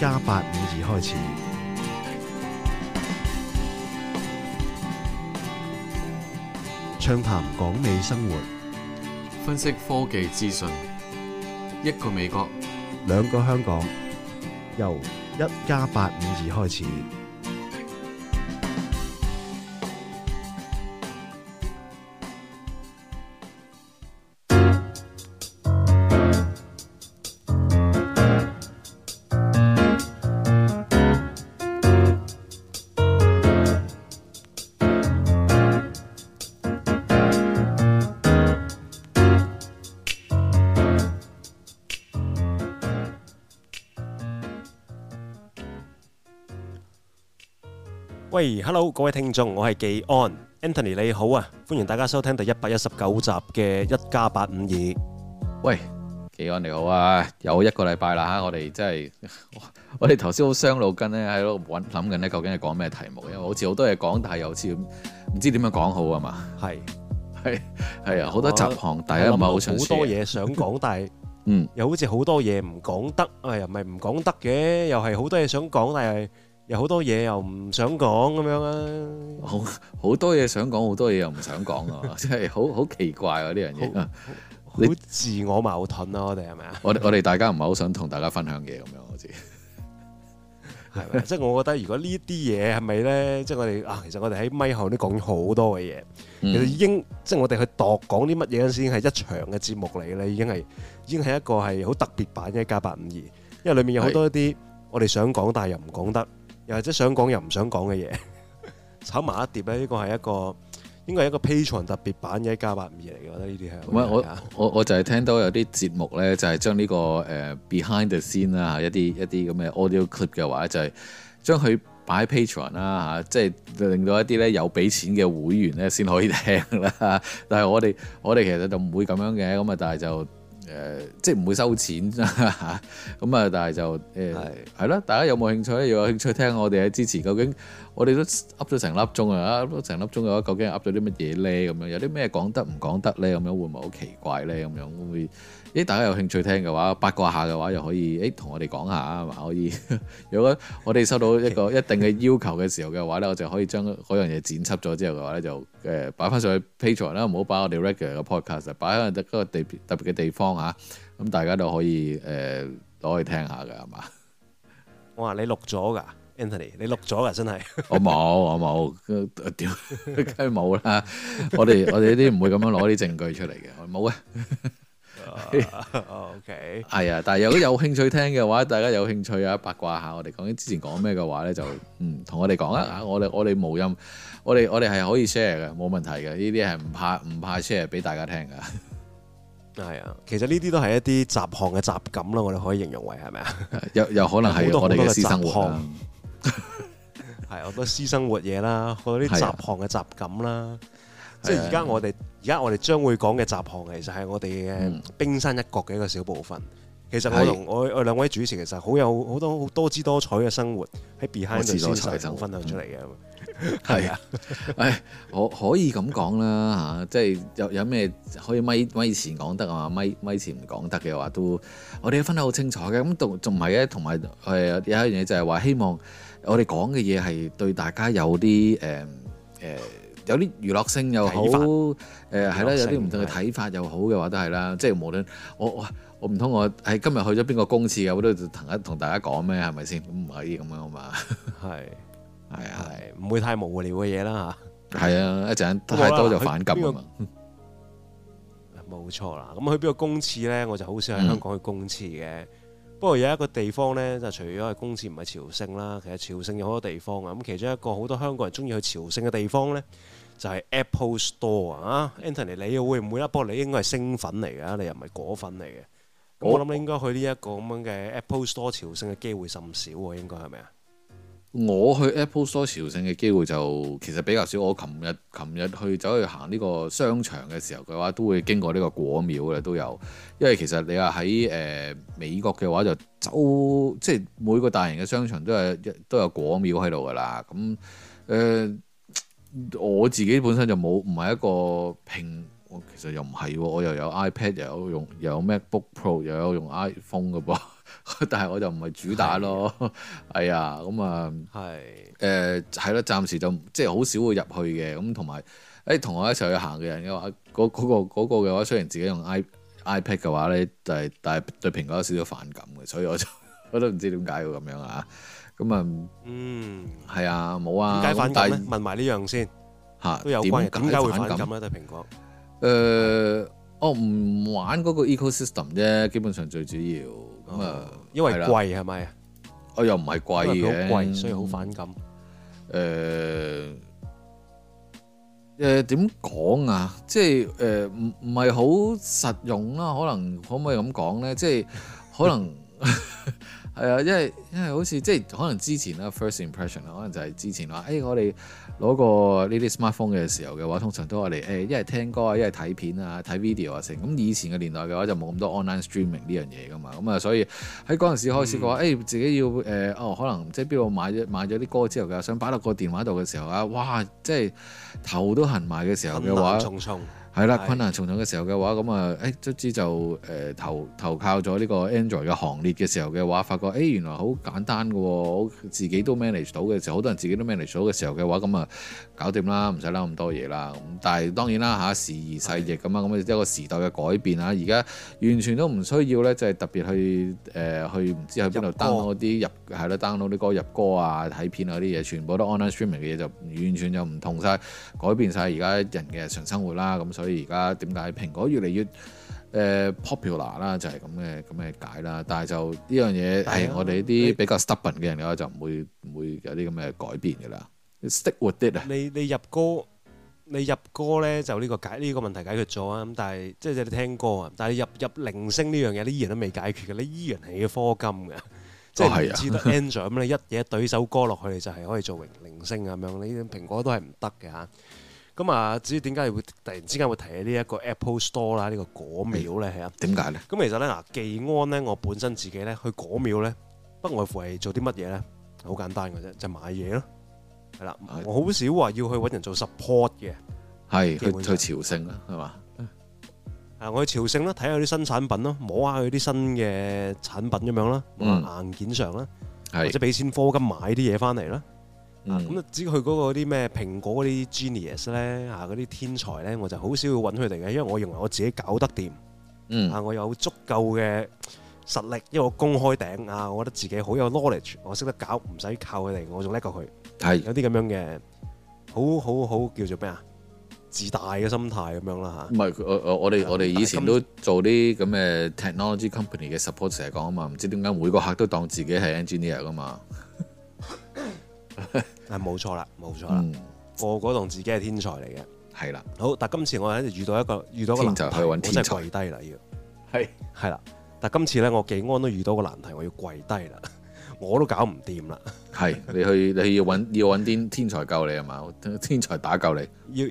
一家八五二開始，暢談港美生活，分析科技資訊，一個美國，兩個香港，由一家八五二開始。Hello 各位聽眾，我係紀安，Anthony 你好啊，歡迎大家收聽第一百一十九集嘅一家八五二。喂，紀安你好啊，有一個禮拜啦吓，我哋真係我哋頭先好傷腦筋咧，喺度搵諗緊呢，究竟係講咩題目，因為好似好多嘢講，但係又好似唔知點樣講好啊嘛。係係係啊，好多集行，大家唔係好清、 嗯、好多嘢想講，但係嗯，又好似好多嘢唔講得，哎呀，唔係唔講得嘅，又係好多嘢想講，但係。有好多嘢又唔想講咁樣啊，好好多嘢想講，好多嘢又唔想講啊，即係好好奇怪啊呢樣嘢，好自我矛盾啊，我哋係咪啊？我我哋大家唔係好想同大家分享嘢咁樣，好似係即係我覺得如果呢啲嘢係咪咧？即係我哋啊，其實我哋喺咪後都講咗好多嘅嘢，其實已經即係我哋去度講啲乜嘢先係一場嘅節目嚟嘅咧，已經係已經係一個係好特別版嘅一家八五二，因為裏面有好多一啲我哋想講但係又唔講得。又或者想講又唔想講嘅嘢， 炒埋一碟咧，呢、這個係一個應該係一個 Patreon 特別版嘅一家852嚟嘅，我覺得呢啲係。唔係我我我就係聽到有啲節目咧，就係、是、將呢、這個誒、uh, behind the scene 啦、啊、一啲一啲咁嘅 audio clip 嘅話，就係、是、將佢擺 Patreon 啦、啊、嚇，即係令到一啲咧有俾錢嘅會員咧先可以聽啦、啊。但係我哋我哋其實就唔會咁樣嘅，咁啊但係就。誒、呃、即係唔會收錢咁啊！ 但係就誒係咯，呃、的大家有冇興趣咧？如果有興趣，興趣聽我哋喺之前究竟。我哋都噏咗成粒鐘啊！噏咗成粒鐘嘅話，究竟噏咗啲乜嘢呢？咁樣有啲咩講得唔講得呢？咁樣會唔會好奇怪呢？咁樣會？咦，大家有興趣聽嘅話，八卦下嘅話，又可以誒同、哎、我哋講下啊嘛？可以。如果我哋收到一個一定嘅要求嘅時候嘅話呢， 我就可以將嗰樣嘢剪輯咗之後嘅話呢，就誒擺翻上去 Patreon 啦，唔好擺我哋 regular 嘅 podcast 擺喺嗰個地特別嘅地方嚇。咁、啊嗯、大家可、呃、都可以誒攞去聽下嘅係嘛？我話你錄咗㗎。Anthony, 你錄咗噶，真係我冇，我冇，梗係冇啦！我哋我哋呢啲唔會咁樣攞啲證據出嚟嘅，冇嘅。O K，係啊，但係如果有興趣聽嘅話，大家有興趣啊八卦下我哋講緊之前講咩嘅話咧，就嗯同我哋講啊，啊的我哋我哋冇音，我哋我哋係可以 share 嘅，冇問題嘅。呢啲係唔怕唔怕 share 俾大家聽㗎。係啊，其實呢啲都係一啲雜項嘅雜感咯，我哋可以形容為係咪啊？有有可能係 多我哋嘅私生活。係 suite，好多私生活嘢啦，好多啲雜項嘅雜感啦。即係而家我哋，而家我哋將會講嘅雜項，其實係我哋嘅冰山一角嘅一個小部分。其實我同我我兩位主持，其實好有好多好多姿多彩嘅生活喺 behind the scenes 分享出嚟嘅。係啊，誒，可可以咁講啦吓，即係有有咩可以咪咪前講得啊，咪咪前唔講得嘅話都，我哋都分得好清楚嘅。咁同仲唔係嘅？同埋有一樣嘢就係話希望。qué Moon watermelon 我哋講嘅嘢係對大家有啲誒誒有啲娛樂性又好誒係啦，有啲唔同嘅睇法又好嘅話都係啦，即係無論我我唔通我喺、欸、今日去咗邊個公廁嘅，我都同一同大家講咩係咪先？咁唔可以咁樣嘛？係係啊，唔會太無聊嘅嘢啦嚇。係啊，一陣太多就反感㗎嘛、那個。冇、嗯、錯啦，咁去邊個公廁咧？我就好少喺香港去公廁嘅。不過有一個地方呢，就除咗係公廁唔係朝聖啦，其實朝聖有好多地方啊。咁其中一個好多香港人中意去朝聖嘅地方呢，就係 Apple Store 啊。Anthony，你又會唔會啊？不過你應該係星粉嚟㗎，你又唔係果粉嚟嘅。我諗應該去呢一個咁樣嘅 Apple Store 朝聖嘅機會甚少喎，應該係咪啊？我去 Apple Store 朝聖嘅機會就其實比較少。我琴日琴日去走去行呢個商場嘅時候嘅話，都會經過呢個果廟嘅都有。因為其實你話喺誒美國嘅話就走，即係每個大型嘅商場都係都有果廟喺度㗎啦。咁誒、呃、我自己本身就冇，唔係一個拼。其實又唔係，我又有 iPad 又有用，又有 MacBook Pro 又有用 iPhone 嘅噃。 但係我就唔係主打咯是的， 係啊，咁啊，誒係咯，暫時就即係好少會入去嘅咁，同埋誒同我一齊去行嘅人嘅話，嗰嗰個嗰個嘅話，雖然自己用 i iPad 嘅話咧，但係但係對蘋果有少少反感嘅，所以我就 我都唔知點解會咁樣啊。咁、嗯、啊，嗯，係啊，冇啊，點解反感咧？問埋呢樣先嚇，都有關嘅，點解會反感咁咧？對蘋果誒、呃，我唔玩嗰個 ecosystem 啫，基本上最主要。咁因為貴係咪啊？我的吧又唔係貴好貴，所以好反感。誒誒點講啊？即係誒唔唔係好實用啦。可能可唔可以咁講咧？ 即係可能。 係啊，因為因為好似即係可能之前啦，first impression 啦，可能就係之前話，誒、欸、我哋攞個呢啲 smartphone 嘅時候嘅話，通常都係我哋，誒、欸，一係聽歌啊，一係睇片啊，睇 video 啊成。咁以前嘅年代嘅話就冇咁多 online streaming 呢樣嘢噶嘛。咁、嗯、啊，所以喺嗰陣時開始嘅話，誒、欸、自己要誒，哦、呃、可能即係邊度買咗買咗啲歌之後嘅想擺落個電話度嘅時候啊，哇！即係頭都痕埋嘅時候嘅話。係啦，的困難重重嘅時候嘅話，咁啊，誒卒之就誒、呃、投投靠咗呢個 Android 嘅行列嘅時候嘅話，發覺誒、欸、原來好簡單嘅喎，我自己都 manage 到嘅時候，好多人自己都 manage 到嘅時候嘅話，咁啊，搞掂啦，唔使諗咁多嘢啦。咁但係當然啦嚇、啊、時移世易咁啊，咁的一個時代嘅改變啊，而家完全都唔需要咧，就係特別去誒、呃、去唔知喺邊度 download 啲入係啦，download 啲歌入歌啊、睇片啊啲嘢，全部都 online streaming 嘅嘢就完全就唔同晒，改變晒而家人嘅日常生活啦咁。所以而家點解蘋果越嚟越誒 popular 啦，就係咁嘅咁嘅解啦。但係就呢樣嘢係我哋啲比較 stubborn 嘅人嘅話，就唔會唔會有啲咁嘅改變㗎啦。Stick with it 啊！你你入歌，你入歌咧就呢個解呢個問題解決咗啊！咁但係即係你聽歌啊！但係你入入鈴聲呢樣嘢，你依然都未解決嘅，你依然係要科金嘅，即係唔知道 engine 咁咧，一嘢對首歌落去就係可以做鈴聲啊咁樣。你啲蘋果都係唔得嘅吓。咁啊，至於點解會突然之間會提起呢一個 Apple Store 啦，呢個果廟咧，係啊，點解咧？咁其實咧，嗱，技安咧，我本身自己咧去果廟咧，不外乎係做啲乜嘢咧？好簡單嘅啫，就是、買嘢咯，係啦。的我好少話要去揾人做 support 嘅，係的去去朝聖啦，係嘛？啊，我去朝聖啦，睇下啲新產品咯，摸下佢啲新嘅產品咁樣啦，嗯、硬件上啦，的或者俾錢科金買啲嘢翻嚟啦。咁、嗯、啊！至於佢嗰個啲咩蘋果嗰啲 genius 咧啊，嗰啲天才咧，我就好少會揾佢哋嘅，因為我認為我自己搞得掂，嗯、啊我有足夠嘅實力，因為我公開頂啊，我覺得自己好有 knowledge，我識得搞，唔使靠佢哋，我仲叻過佢。係是有啲咁樣嘅，好好好，好叫做咩啊？自大嘅心態咁樣啦嚇。唔、啊、係我哋我哋、嗯、以前都做啲咁嘅 technology company 嘅 support 成日講啊嘛，唔知點解每個客都當自己係 engineer 噶嘛？係冇錯啦，冇錯啦，我嗰檔自己係天才嚟嘅，係啦。好，但今次我喺度遇到一個遇到個難題，天才去天才我真係跪低啦，要係係是啦。但今次咧，我技安都遇到個難題，我要跪低啦，我都搞唔掂啦。係你，你去，你要揾要啲天才救你係嘛？天才打救你，要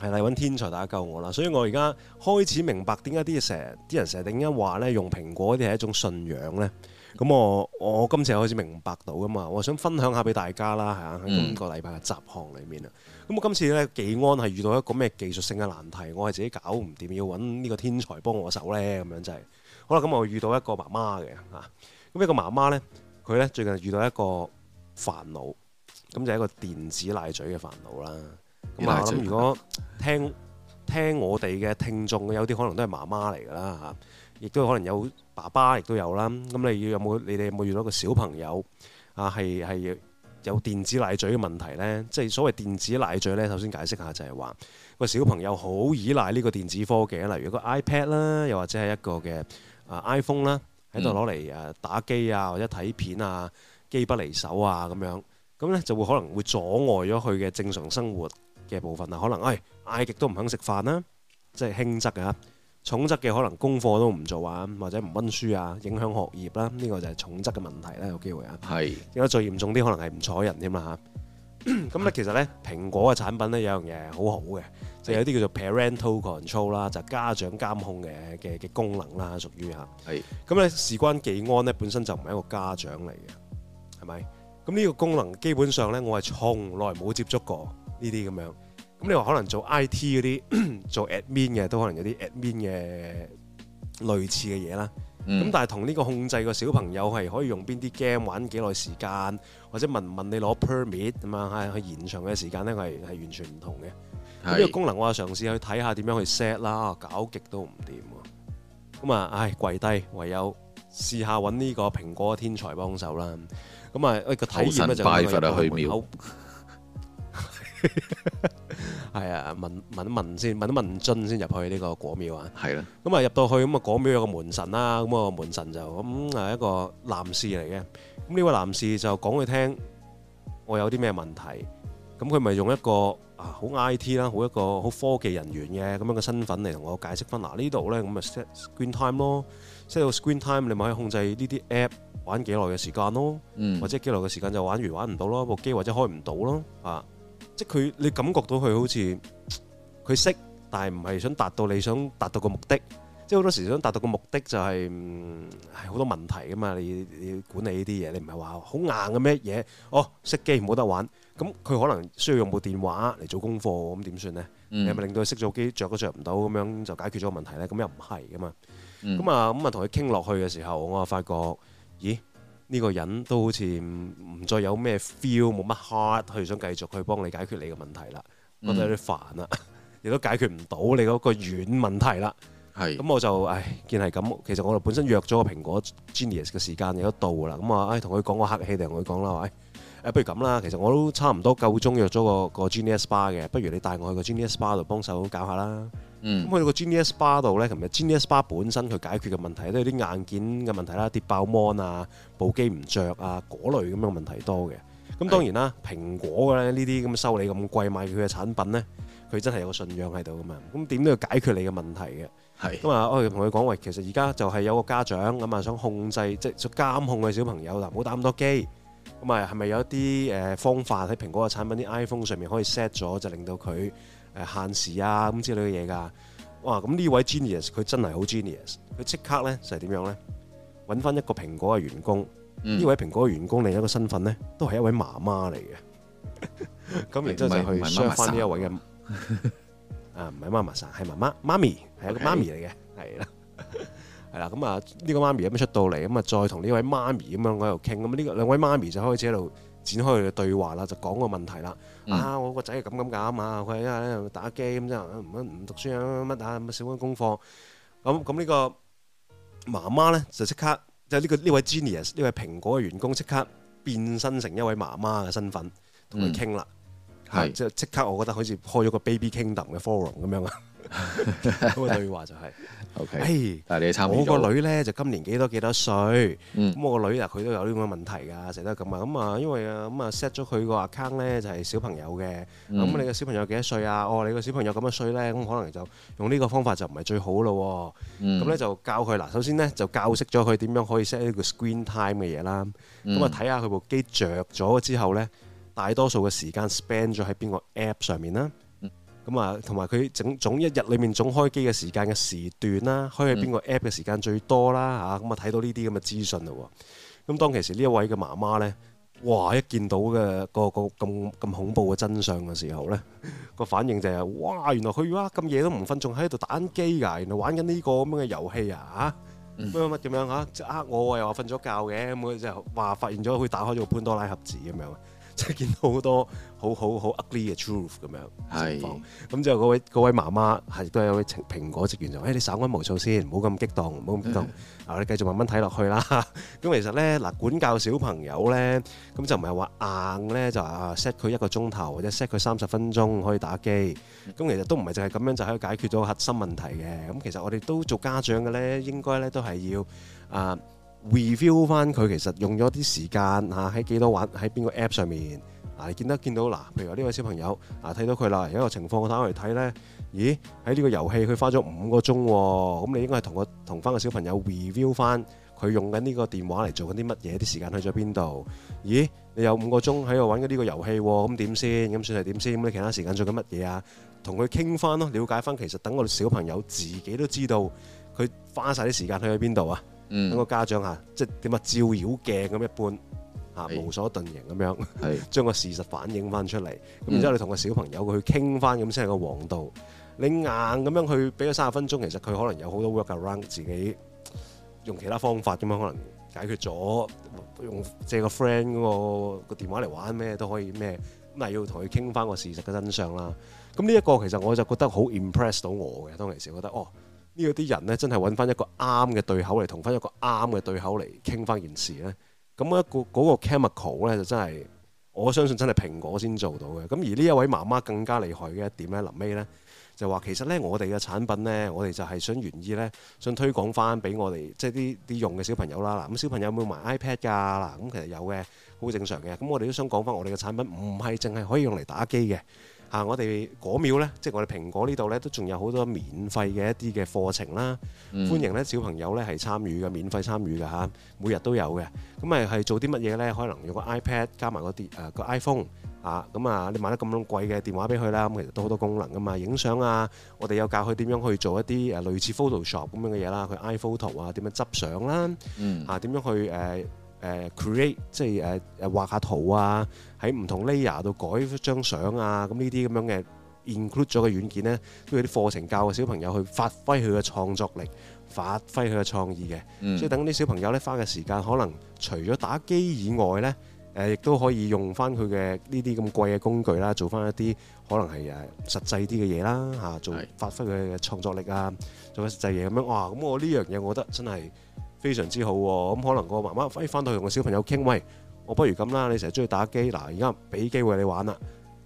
係啦，揾天才打救我啦。所以我而家開始明白點解啲成啲人成日點解話咧，用蘋果啲係一種信仰咧。咁我我今次又開始明白到噶嘛，我想分享下俾大家啦，係啊，喺今個禮拜嘅集項裡面啊。咁我今次咧，技安係遇到一個咩技術性嘅難題，我係自己搞唔掂，要揾呢個天才幫我手咧，咁樣就係。好啦，咁我遇到一個媽媽嘅啊，咁一個媽媽咧，佢咧最近遇到一個煩惱，咁就係一個電子奶嘴嘅煩惱啦。咁啊，如果聽聽我哋嘅聽眾，有啲可能都係媽媽嚟㗎啦嚇。亦都可能有爸爸，亦都有啦。咁你要有冇？你哋有冇遇到個小朋友啊？係係有電子奶嘴嘅問題呢？即係所謂電子奶嘴呢，首先解釋下就係話個小朋友好依賴呢個電子科技，例如個 iPad 啦，又或者係一個嘅啊 iPhone 啦，喺度攞嚟誒打機啊，或者睇片啊，機不離手啊咁樣。咁呢就會可能會阻礙咗佢嘅正常生活嘅部分啦。可能唉，嗌極都唔肯食飯啦、啊，即係輕則嘅、啊。重質嘅可能功課都唔做啊，或者唔溫書啊，影響學業啦，呢、這個就係重質嘅問題啦，有機會啊。係是。而家最嚴重啲可能係唔睬人添啦嚇。咁咧 其實咧，蘋果嘅產品咧有樣嘢好好嘅，是就有啲叫做 Parental Control 啦，就家長監控嘅嘅嘅功能啦，屬於嚇。係是。咁咧，事關技安咧，本身就唔係一個家長嚟嘅，係咪？咁呢個功能基本上咧，我係從來冇接觸過呢啲咁樣。咁你話可能做 IT 嗰啲做 admin 嘅，都可能有啲 admin 嘅類似嘅嘢啦。咁、嗯、但係同呢個控制個小朋友係可以用邊啲 game 玩幾耐時間，或者問問你攞 permit 咁啊，去延長嘅時間呢，係係完全唔同嘅。呢是個功能我嘗試去睇下點樣去 set 啦、啊，搞極都唔掂、啊。咁啊，唉，跪低，唯有試下揾呢個蘋果天才幫手啦。咁啊，誒、這個體驗咧就係去係啊，問問問先，問問津先入去呢個果廟啊。係啦，咁啊入到去咁啊果廟有個門神啦，咁個門神就咁啊一個男士嚟嘅。咁呢位男士就講佢聽，我有啲咩問題。咁佢咪用一個啊好 IT 啦，好一個好科技人員嘅咁樣嘅身份嚟同我解釋翻。嗱呢度咧，咁咪 set screen time 咯，set 到 screen time，你咪可以控制呢啲 app 玩幾耐嘅時間咯。嗯，或者幾耐嘅時間就玩完玩唔到咯，部機或者開唔到咯，啊。即係佢，你感覺到佢好似佢識，但係唔係想達到你想達到個目的。即係好多時想達到個目的就係、係、好、嗯、多問題噶嘛。你你管理呢啲嘢，你唔係話好硬嘅咩嘢？哦，熄機冇得玩。咁、嗯、佢可能需要用部電話嚟做功課，咁點算呢？嗯、你係咪令到佢熄咗機，着都着唔到，咁樣就解決咗個問題咧？咁又唔係噶嘛。咁啊咁啊，同佢傾落去嘅時候，我就發覺咦～呢個人都好似唔再有咩 feel，冇乜 heart 去想繼續去幫你解決你嘅問題啦，覺得有啲煩啦，亦都解決唔到你嗰個軟問題啦。係咁是、嗯，我就唉、哎、見係咁，其實我哋本身約咗個蘋果 Genius 嘅時間已經到噶啦。咁、嗯、啊，唉同佢講個客氣定同佢講啦，喂，誒、哎、不如咁啦，其實我都差唔多夠鐘約咗個個 Genius Bar 嘅，不如你帶我去個 Genius Bar 度幫手搞下啦。咁佢個 Genius Bar 度咧，同埋 Genius Bar 本身佢解決嘅問題都有啲硬件嘅問題啦，跌爆芒啊、部機唔着啊嗰類咁嘅問題多嘅。咁當然啦，是蘋果咧呢啲咁收你咁貴賣佢嘅產品咧，佢真係有個信仰喺度噶嘛。咁點都要解決你嘅問題嘅。係是。咁啊、嗯，我哋同佢講喂，其實而家就係有個家長咁啊，想控制即係監控嘅小朋友嗱，唔好打咁多機。咁啊，係咪有啲誒方法喺蘋果嘅產品啲 iPhone 上面可以 set 咗，就令到佢限時啊咁之類嘅嘢㗎。哇！咁呢位 genius 佢真係好 genius，佢即刻咧就係、是、點樣咧？揾翻一個蘋果嘅員工，呢、嗯、位蘋果嘅員工另一個身份咧，都係一位媽媽嚟嘅。咁 然之後就去 s h 翻呢一位嘅， 啊唔係媽媽神，係媽媽媽咪，係一個媽咪嚟嘅，係啦 Okay. 嗯、係、這、啦、個。咁啊呢個媽咪咁出到嚟，咁啊再同呢位媽咪咁樣喺度傾，咁呢個兩位媽咪就開車喺度。展開佢嘅對話啦，就講個問題啦、嗯啊啊。啊，我個仔係咁咁㗎啊嘛，佢因為打機咁啫，唔唔唔讀書啊乜啊少啲功課。咁咁呢個媽媽咧就即刻就呢個呢位 Genius 呢位蘋果嘅員工即刻變身成一位媽媽嘅身份同佢傾啦。係即即刻，我覺得好似開咗個 Baby Kingdom 嘅 forum 咁樣啊。咁嘅對話就係，OK。誒，我個女呢，就今年幾多幾多歲？咁我個女嗱，佢都有呢個問題㗎，成日都咁啊。咁、嗯、啊，嗯、因為啊，咁啊 set 咗佢個 account 呢，就係、是、小朋友嘅。咁、嗯、你個小朋友幾多歲啊？哦，你個小朋友咁樣歲呢，咁、嗯嗯、可能就用呢個方法就唔係最好咯、啊。咁呢，就教佢嗱，首先呢，就教識咗佢點樣可以 set 呢個 screen time 嘅嘢啦。咁啊睇下佢部機着咗之後呢，大多數嘅時間 spend 咗喺邊個 app 上面啦。咁啊，同埋佢整總一日裏面總開機嘅時間嘅時段啦，開去邊個 app 嘅時間最多啦，嚇咁啊睇到呢啲咁嘅資訊咯。咁當其時呢一位嘅媽媽咧，哇，一見到嘅個個咁咁恐怖嘅真相嘅時候咧，個反應就係，哇原來佢，哇咁夜都唔瞓，仲喺度打機㗎，原來玩緊呢個咁樣嘅遊戲啊，嚇乜乜乜點樣嚇，即係呃我，又話瞓咗覺嘅。咁佢就話發現咗佢打開咗潘多拉盒子咁樣。即係見到好多好好好 ugly 嘅 truth 咁樣情況，咁之後嗰位嗰位媽媽係亦都係一位蘋果職員就誒，你稍安無躁稍安勿躁先，唔好咁激動，唔好咁激動，啊你繼續慢慢睇落去啦。咁其實咧嗱，管教小朋友咧，咁就唔係話硬咧就 set 佢一個鐘頭或者 set 佢三十分鐘可以打機，咁其實都唔係淨係咁樣就可以解決咗核心問題嘅。咁其實我哋都做家長嘅咧，應該咧都係要啊。review 翻佢其實用咗啲時間啊，喺、啊、幾多玩喺邊個 app 上面啊？你見得見到嗱，譬如話呢位小朋友啊，睇到佢啦，有一個情況我打落嚟睇呢。咦？喺呢個遊戲佢花咗五個鐘，咁、啊、你應該係同個同翻個小朋友 review 翻佢用緊呢個電話嚟做緊啲乜嘢，啲時間去咗邊度？咦、啊？你有五個鐘喺度玩緊呢個遊戲，咁點先？咁算係點先？咁你其他時間做緊乜嘢啊？同佢傾翻咯，了解翻，其實等我哋小朋友自己都知道佢花晒啲時間去咗邊度啊！等個家長吓，嗯、即係點啊，照妖鏡咁一般，吓是無所遁形咁樣，將個是 事實反映翻出嚟。咁然之後你同個小朋友去傾翻，咁先係個王道。你硬咁樣去俾咗三十分鐘，其實佢可能有好多 workaround，自己用其他方法咁樣可能解決咗。用借個 friend 嗰個個電話嚟玩咩都可以咩，咁但係要同佢傾翻個事實嘅真相啦。咁呢一個其實我就覺得好 impress 到我嘅，當其時覺得哦。呢個啲人咧，真係揾翻一個啱嘅對口嚟同翻一個啱嘅對口嚟傾翻件事咧，咁一個嗰個 chemical 咧，就真係我相信真係蘋果先做到嘅。咁而呢一位媽媽更加厲害嘅一點咧，臨尾咧就話其實咧我哋嘅產品咧，我哋就係想原意咧想推廣翻俾我哋即係啲啲用嘅小朋友啦。嗱，咁小朋友有冇買 iPad 㗎？嗱，咁其實有嘅，好正常嘅。咁我哋都想講翻我哋嘅產品唔係淨係可以用嚟打機嘅。啊！我哋嗰秒呢，即係我哋蘋果呢度呢，都仲有好多免費嘅一啲嘅課程啦，歡迎呢小朋友呢係參與嘅，免費參與嘅嚇，每日都有嘅。咁咪係做啲乜嘢呢？可能用個 iPad 加埋個電誒個 iPhone 啊，咁啊你買得咁貴嘅電話俾佢啦，咁其實都好多功能噶嘛，影相啊，我哋有教佢點樣去做一啲誒類似 Photoshop 咁樣嘅嘢啦，佢 iPhone 圖啊，點樣執相啦，嚇點樣去誒？誒、uh, create 即係誒誒畫下圖啊，喺唔同 layer 度改一張相啊，咁呢啲咁樣嘅 include 咗嘅軟件咧，都有啲課程教嘅小朋友去發揮佢嘅創作力，發揮佢嘅創意嘅。即係、嗯、所以等啲小朋友咧花嘅時間，可能除咗打機以外咧，誒亦都可以用翻佢嘅呢啲咁貴嘅工具啦，做翻一啲可能係誒實際啲嘅嘢啦嚇，做發揮佢嘅創作力啊，做翻實際嘢咁樣哇！咁我呢樣嘢，我覺得真係～非常之好喎、哦，咁可能個媽媽可以翻到去同個小朋友傾，喂，我不如咁啦，你成日中意打機，嗱，而家俾機會你玩啦，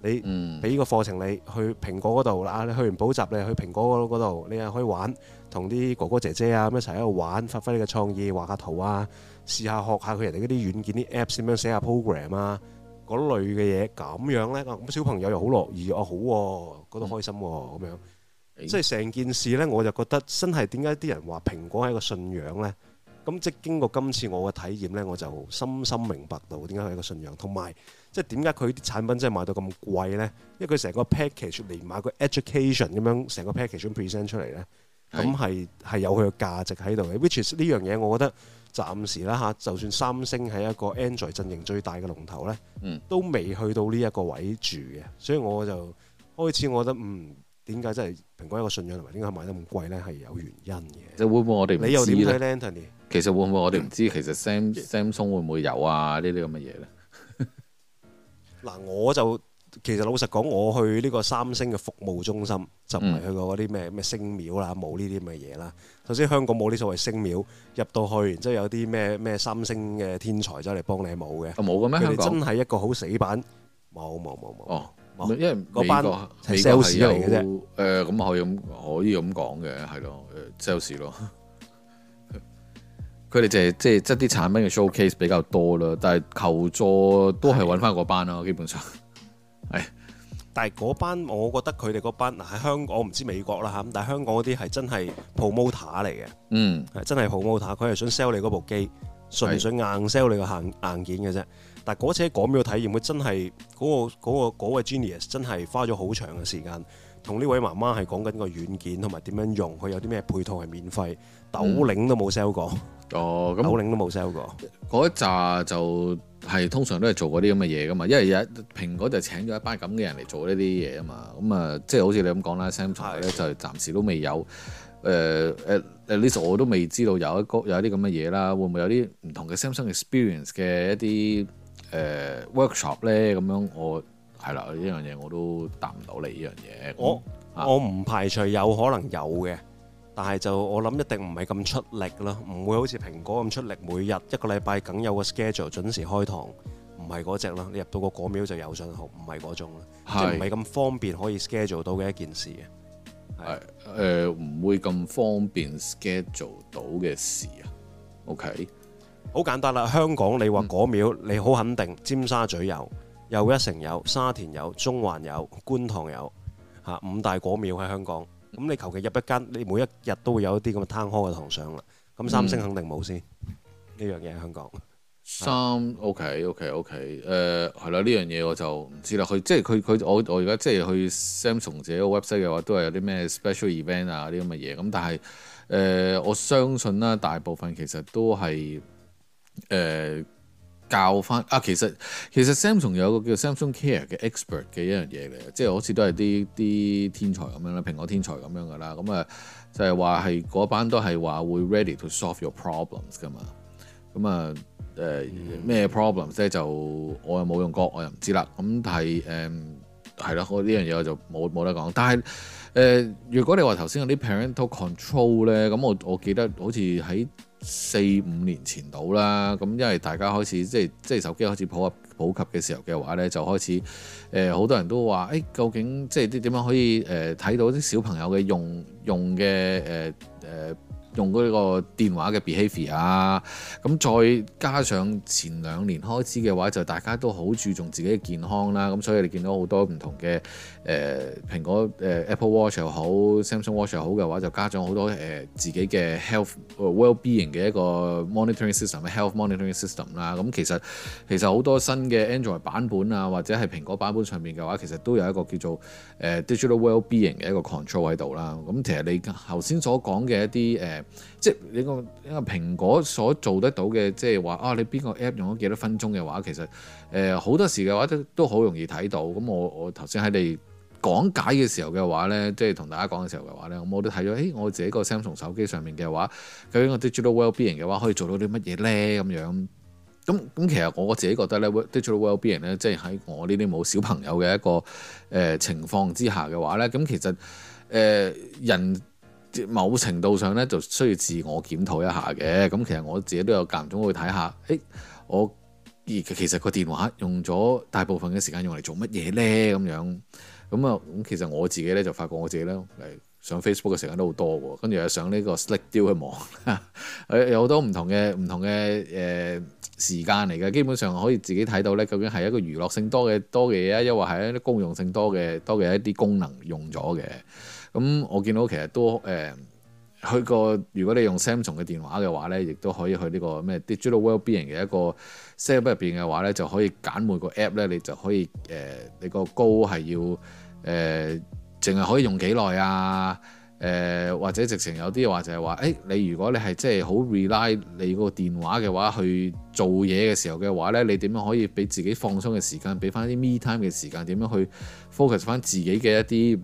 你俾個課程你去蘋果嗰度啦，你去完補習你去蘋果嗰度，你又可以玩，同啲哥哥姐姐啊一齊喺度玩，發揮你嘅創意，畫下圖啊，試下學下佢人哋嗰啲軟件啲 Apps 點樣寫下 program 啊，嗰類嘅嘢，咁樣呢，咁小朋友又好樂意，啊、哦，好喎，覺得開心喎、哦，咁樣，即係成件事呢，我就覺得真係點解啲人話蘋果係一個信仰呢。咁即係經過今次我嘅體驗呢，我就深深明白到點解佢係一個信仰，同埋即係點解佢啲產品真係賣到咁貴呢？因為佢成個 package 嚟買個 education 咁樣，成個 package 咁 present 出嚟呢。咁係係有佢嘅價值喺度嘅。Which is 呢樣嘢，我覺得暫時啦嚇，就算三星係一個 Android 陣營最大嘅龍頭呢，嗯、都未去到呢一個位住嘅。所以我就開始，我覺得嗯，點解真係評估一個信仰同埋點解賣得咁貴呢？係有原因嘅。會唔會你又點睇呢？Tony？其實會唔會我哋唔知，其實 Sam, Samsung 會唔會有啊？呢啲咁嘅嘢咧？嗱，我就其實老實講，我去呢個三星嘅服務中心，就唔係去過嗰啲咩咩星廟啦，冇呢啲咁嘅嘢啦。首先香港冇啲所謂星廟，入到去然之後有啲咩咩三星嘅天才走嚟幫你冇嘅，冇嘅咩？香港真係一個好死板，冇冇冇冇。哦，因為嗰班 sales 嚟嘅啫。誒，咁可以咁可以咁講嘅，係咯，誒，sales 咯。佢哋就係即係即係啲產品嘅 showcase 比較多啦，但係求助都係揾翻嗰班咯，是基本上係。但係嗰班我覺得佢哋嗰班喺香港，我唔知美國啦嚇，但係香港嗰啲係真係 promoter 嚟嘅，嗯係真係 promoter，佢係想 sell 你嗰部機，純粹硬 sell 你個硬硬件嘅啫。是但係嗰次喺嗰邊嘅體驗，佢真係嗰、嗰個嗰、嗰、位 genius 真係花咗好長嘅時間同呢位媽媽係講緊個軟件同埋點樣用，佢有啲咩配套係免費，斗領、嗯、都冇 sell 過。哦，咁冇領都冇 sell 過。嗰一扎就係通常都係做過啲咁嘅嘢噶嘛，因為有蘋果就請咗一班咁嘅人嚟做呢啲嘢啊嘛。咁、嗯、啊、嗯嗯，即係好似你咁講啦，Samsung 咧是的 就暫時都未有。誒 l i 呢個我都未知道有，有一個有啲咁嘅嘢啦，會唔會有啲唔同嘅 Samsung Experience 嘅一啲誒、呃、workshop 咧？咁樣我係啦，呢樣嘢我都答唔到你呢樣嘢。我、嗯、我唔排除有可能有嘅。但係就我諗一定唔係咁出力咯，唔會好似蘋果咁出力，每日一個禮拜梗有個 schedule 準時開堂，唔係嗰隻啦。你入到個果廟就有信號，唔係嗰種啦，即唔係咁方便可以 schedule 到嘅一件事嘅。係呃、唔會咁方便 schedule 到嘅事啊。OK，好簡單啦。香港你話果廟，嗯、你好肯定，尖沙咀有，又一城有，沙田有，中環有，觀塘有，嚇五大果廟喺香港。咁你求其入一間，你每一日都會有一啲咁嘅攤開嘅堂上啦。咁三星肯定冇先呢樣嘢喺香港。三、啊、OK OK OK，誒係啦，呢樣嘢我就唔知啦。佢即係佢佢我我而家即係去 Samsung 自己個 website 嘅話，都係有啲咩 special event 啊啲咁嘅嘢。咁但係誒、呃，我相信啦，大部分其實都係誒。呃教翻啊，其實其實 Samsung 有個叫 Samsung Care 嘅 expert 嘅一樣嘢嚟嘅，即係好似都係啲啲天才咁樣啦，蘋果天才咁樣㗎啦。咁啊就係話係嗰班都係話會 ready to solve your problems 㗎嘛。咁啊誒、呃、咩 problems 咧就我又冇用過，我又唔知啦。咁但係誒係咯，呢樣嘢我就冇冇得講。但係誒、呃，如果你話頭先有啲 parental control 咧，咁我我記得好似喺四五年前到啦，咁因為大家開始即係即係手機開始普及普及嘅時候嘅話呢，就開始誒好、呃、多人都話誒究竟即係啲點樣可以誒睇、呃、到啲小朋友嘅用用嘅誒誒用嗰個電話嘅 behaviour 啊，咁、嗯、再加上前兩年開始嘅話，就大家都好注重自己嘅健康啦，咁、嗯、所以你見到好多唔同嘅。誒、呃、蘋果誒、呃、Apple Watch 又好 Samsung Watch 又好嘅話，就加咗好多誒、呃、自己嘅 health、呃、well-being 嘅一個 monitoring system health monitoring system 啦。咁、嗯、其實其實好多新嘅 Android 版本啊，或者係蘋果版本上面嘅話，其實都有一個叫做誒、呃、digital well-being 嘅一個 control 喺度啦。咁、嗯、其實你頭先所講嘅一啲誒、呃，即係你個因為蘋果所做得到嘅，即係話啊，你邊個 app 用咗幾多分鐘嘅話，其實誒好、呃、多時嘅話都都好容易睇到。咁、嗯、我我頭先喺你，講解嘅時候嘅話呢，即係同大家講嘅時候嘅話呢，我我都睇咗，誒、哎，我自己個 Samsung 手機上面嘅話，究竟我 Digital Wellbeing 嘅話可以做到啲乜嘢呢？咁樣，咁咁其實我自己覺得呢，Digital Wellbeing 呢，即係喺我呢啲冇小朋友嘅一個誒、呃、情況之下嘅話呢，咁其實誒、呃、人某程度上呢就需要自我檢討一下嘅。咁其實我自己都有間唔中去睇下，誒、欸，我而其實個電話用咗大部分嘅時間用嚟做乜嘢呢？咁樣。咁啊，咁其實我自己咧就發覺我自己咧，誒上 Facebook 嘅時間都好多喎，跟住又上呢個 Slickdeals 嘅網， 有好多唔同嘅唔同嘅誒、呃、時間嚟嘅，基本上可以自己睇到咧，究竟係一個娛樂性多嘅多嘅嘢啊，或者抑或係一啲功用性多嘅多嘅一啲功能用咗嘅。咁、嗯、我見到其實都誒、呃、去個，如果你用 Samsung 嘅電話嘅話咧，亦都可以去呢個咩 Digital Wellbeing 嘅一個 set 入邊嘅話咧，就可以揀每個 app 咧，你就可以誒、呃、你個高係要。誒，淨係、呃、可以用幾耐啊？誒、呃，或者直情有啲話就係話誒，你如果你係即係好 rely 你個電話嘅話，去做嘢嘅時候嘅話呢，你點樣可以俾自己放鬆嘅時間，俾翻啲 me time 嘅時間，點樣去 focus 翻自己嘅一啲誒、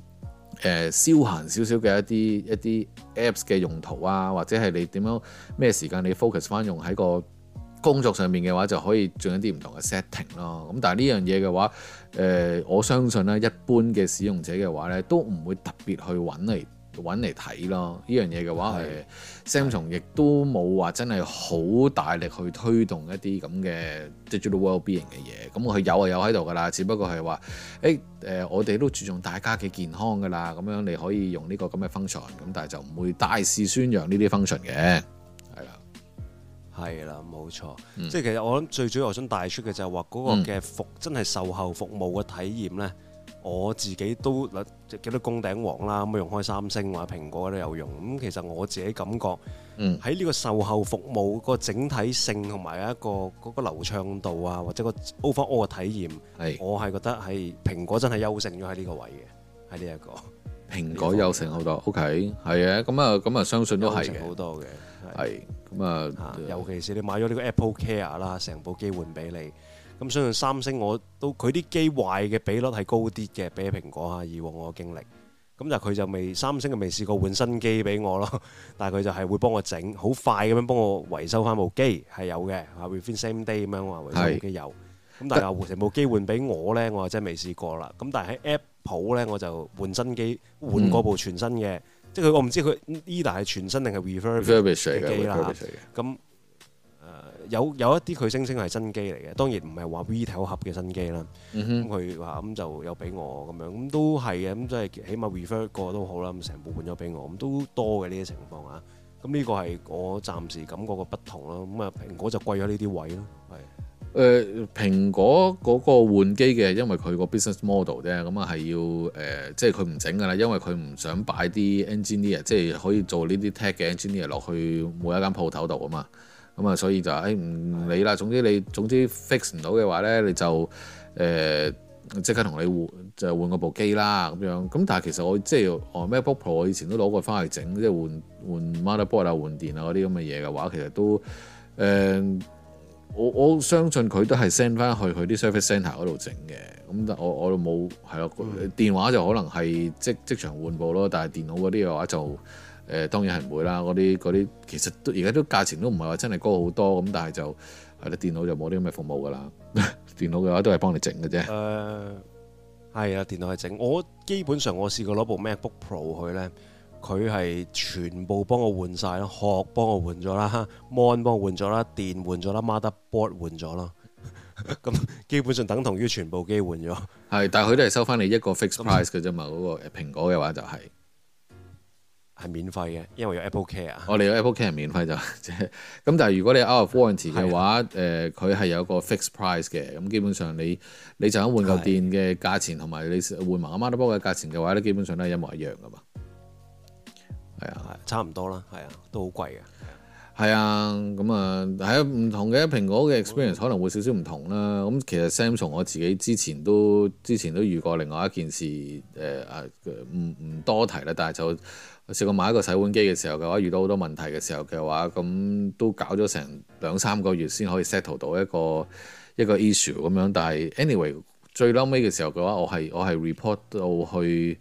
呃、消閒少少嘅一啲一啲 apps 嘅用途啊？或者係你點樣咩時間你 focus 翻用喺個工作上面嘅話就可以做一啲唔同嘅 setting 咯，咁但係呢樣嘢嘅話，誒、呃、我相信咧一般嘅使用者嘅話咧都唔會特別去揾嚟揾嚟睇咯。呢樣嘢嘅話係 Samsung 亦都冇話真係好大力去推動一啲咁嘅 digital wellbeing 嘅嘢，咁佢、嗯、有啊有喺度噶啦，只不過係話誒、誒我哋都注重大家嘅健康噶啦，咁樣你可以用呢個咁嘅 function，咁但係就唔會大肆宣揚呢啲 function 嘅。係啦，冇錯。嗯、即係其實我諗最主要我想帶出嘅就係話嗰個嘅服真係售後服務嘅體驗呢。嗯、我自己都嗱幾多攻頂王啦，咁用開三星，或者蘋果都有用。咁其實我自己感覺喺呢個售後服務個整體性同埋一個嗰個流暢度啊，或者個 overall 嘅 over 體驗，的我係覺得係蘋果真係優勝咗喺呢個位嘅，喺呢一個蘋果優勝好多。的 OK，係嘅。咁啊，咁啊，相信都係好多嘅，係。啊、尤其是你買咗呢個 Apple Care 啦，成部機換俾你。咁相信三星我都佢啲機壞嘅比率係高啲嘅，比起蘋果啊以往我嘅經歷。咁但係佢就未三星就未試過換新機俾我咯。但係佢就係會幫我整，好快咁樣幫我維修翻部機係有嘅，within、啊、same day 咁樣話維修部機有。咁但係成部機換俾我呢，我係真係未試過啦。咁但係喺 Apple 呢，我就換新機換過部全新嘅。嗯即佢，我唔知佢 either 係全新定係 refurbished 嘅機啦。咁誒、 呃、有有一啲佢聲稱係新機嚟嘅，當然唔係話 V 套盒嘅新機啦。咁佢話咁就有俾我咁樣，咁都係嘅。咁即係起碼 refurb 一過都好啦。咁成部換咗俾我，咁都多嘅呢啲情況啊。咁呢個係我暫時感覺個不同咯。咁啊、嗯，蘋果就貴咗呢啲位咯，係。誒、呃、蘋果嗰個換機嘅，因為佢個 business model 啫，咁啊係要誒，即係佢唔整㗎啦，因為佢唔想擺啲 engineer，即係可以做呢啲 tech 嘅 engineer 落去每一間鋪頭度啊嘛，咁、嗯、啊所以就誒唔理啦，總之你總之 fix 唔到嘅話咧，你就誒即、呃、刻同你換就換個部機啦咁樣。咁但係其實我即係我、哦、MacBook Pro，我以前都攞過翻去整，即係換換 motherboard 啊、換電啊嗰啲咁嘅嘢嘅話，其實都誒。呃我我相信佢都係 send 翻去佢啲 service center 嗰度整嘅，咁但我我就冇，係咯、啊，電話就可能係即即場換部咯，但係電腦嗰啲嘅話就，誒、呃、當然係唔會啦，嗰啲啲其實都而家都價錢都唔係話真係高好多，咁但係就係啲電腦就冇啲咁嘅服務噶啦，電腦嘅話都係幫你整嘅啫。誒，係啊，電腦係整、呃啊，我基本上我試過攞部 MacBook Pro 去咧。佢係全部幫我換晒啦，殼幫我換咗啦，mon 幫我換咗啦，電換咗啦，motherboard 換咗啦。咁 基本上等同於全部機換咗。係，但係佢都係收翻你一個 fixed price 嘅啫嘛。嗰、嗯、個誒蘋果嘅話就係、係、係免費嘅，因為有 Apple Care 啊。我哋、哦、有 Apple Care 免費就即係咁， 但係如果你 out of warranty 嘅話，誒佢係有個 fixed price 嘅。咁基本上你你就想換個電嘅價錢，同埋的你換埋 motherboard 嘅價錢嘅話咧，基本上都係一模一樣噶嘛。係啊，差唔多啦，係啊，都好貴啊。係啊，咁、嗯、啊，係啊，唔同嘅。蘋果嘅 experience 可能會少少唔同啦。咁、嗯、其實 Samsung 我自己之前都之前都遇過另外一件事，誒、呃、啊，唔、呃、唔、呃呃呃、多提啦。但係就試過買一個洗碗機嘅時候嘅話，遇到好多問題嘅時候嘅話，咁、嗯、都搞咗成兩三個月先可以 settle 到一個一個 issue 咁樣。但係 anyway，最嬲尾嘅時候嘅話我，我係我係 report 到去。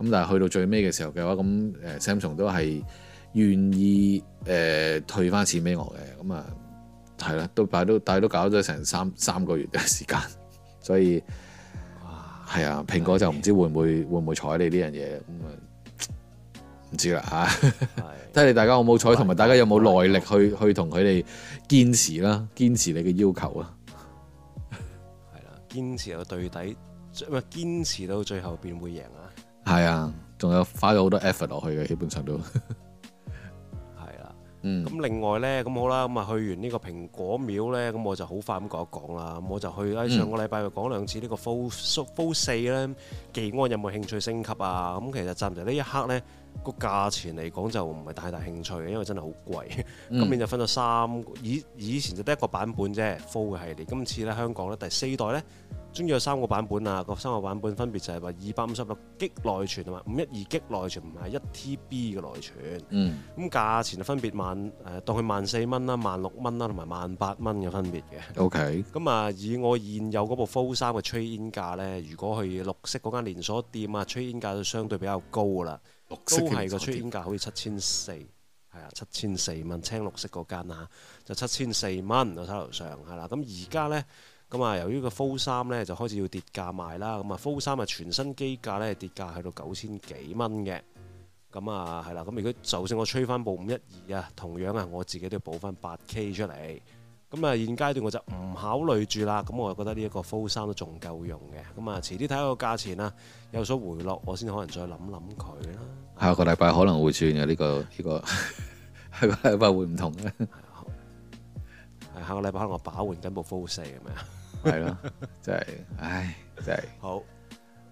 咁但係去到最尾嘅時候嘅話，咁誒 Samsung 都係願意誒、呃、退翻錢俾我嘅，咁啊，係啦，都但都但都搞咗成三三個月嘅時間，所以係啊，蘋果就唔知會唔會會唔會睬你呢樣嘢，咁啊唔知啦嚇，睇你大家好唔好有冇彩，同埋大家有冇耐力去去同佢哋堅持啦，堅持你嘅要求啊，係啦，堅持到對底，唔係堅持到最後便會贏啊！係啊，仲有花咗好多 effort 落去嘅，基本上都係啦。咁、 啊嗯、另外呢，咁好啦，咁啊去完呢個蘋果廟呢，咁我就好快咁講一講啦。咁我就去喺上個禮拜又講兩次呢個 Four Four 四呢，技安有冇興趣升級啊？咁其實暫時呢一刻呢個價錢嚟講就唔係太大興趣嘅，因為真係好貴。嗯、今年就分咗三個，以以前就得一個版本啫 Four 嘅系列。今次呢香港呢第四代呢。中意有三個版本啊！個三個版本分別就係話二百五十六極內存啊嘛，五一二極內存唔係一 TB 嘅內存。咁、嗯、價錢就分別萬誒當佢萬四蚊啦、萬六蚊啦同埋萬八蚊嘅分別嘅。O Okay . K、啊。咁啊以我現有嗰部 Full 三嘅吹煙價呢，如果去綠色嗰間連鎖店啊，吹煙價就相對比較高噶啦，綠色嘅。都係個吹煙價好似七千四，係啊，七千四蚊。青綠色嗰間啊，就七千四蚊我手頭上係啦。咁而家呢。咁啊，由於個 full 三咧就開始要跌價賣啦，咁啊 full 三啊全新機價咧跌價去到九千幾蚊嘅，咁啊係啦，咁如果就算我吹翻部五一二啊，同樣啊我自己都要補翻八 K 出嚟，咁啊現階段我就唔考慮住啦，咁我就覺得呢一個 full 三都仲夠用嘅，咁啊遲啲睇下個價錢啊有所回落，我先可能再諗諗佢啦。下個禮拜可能會轉嘅呢個呢個，這個、 下個禮拜會唔同咧？係下個禮拜可能我把換緊部 full 四咁樣。係咯， 真係，唉，真係好，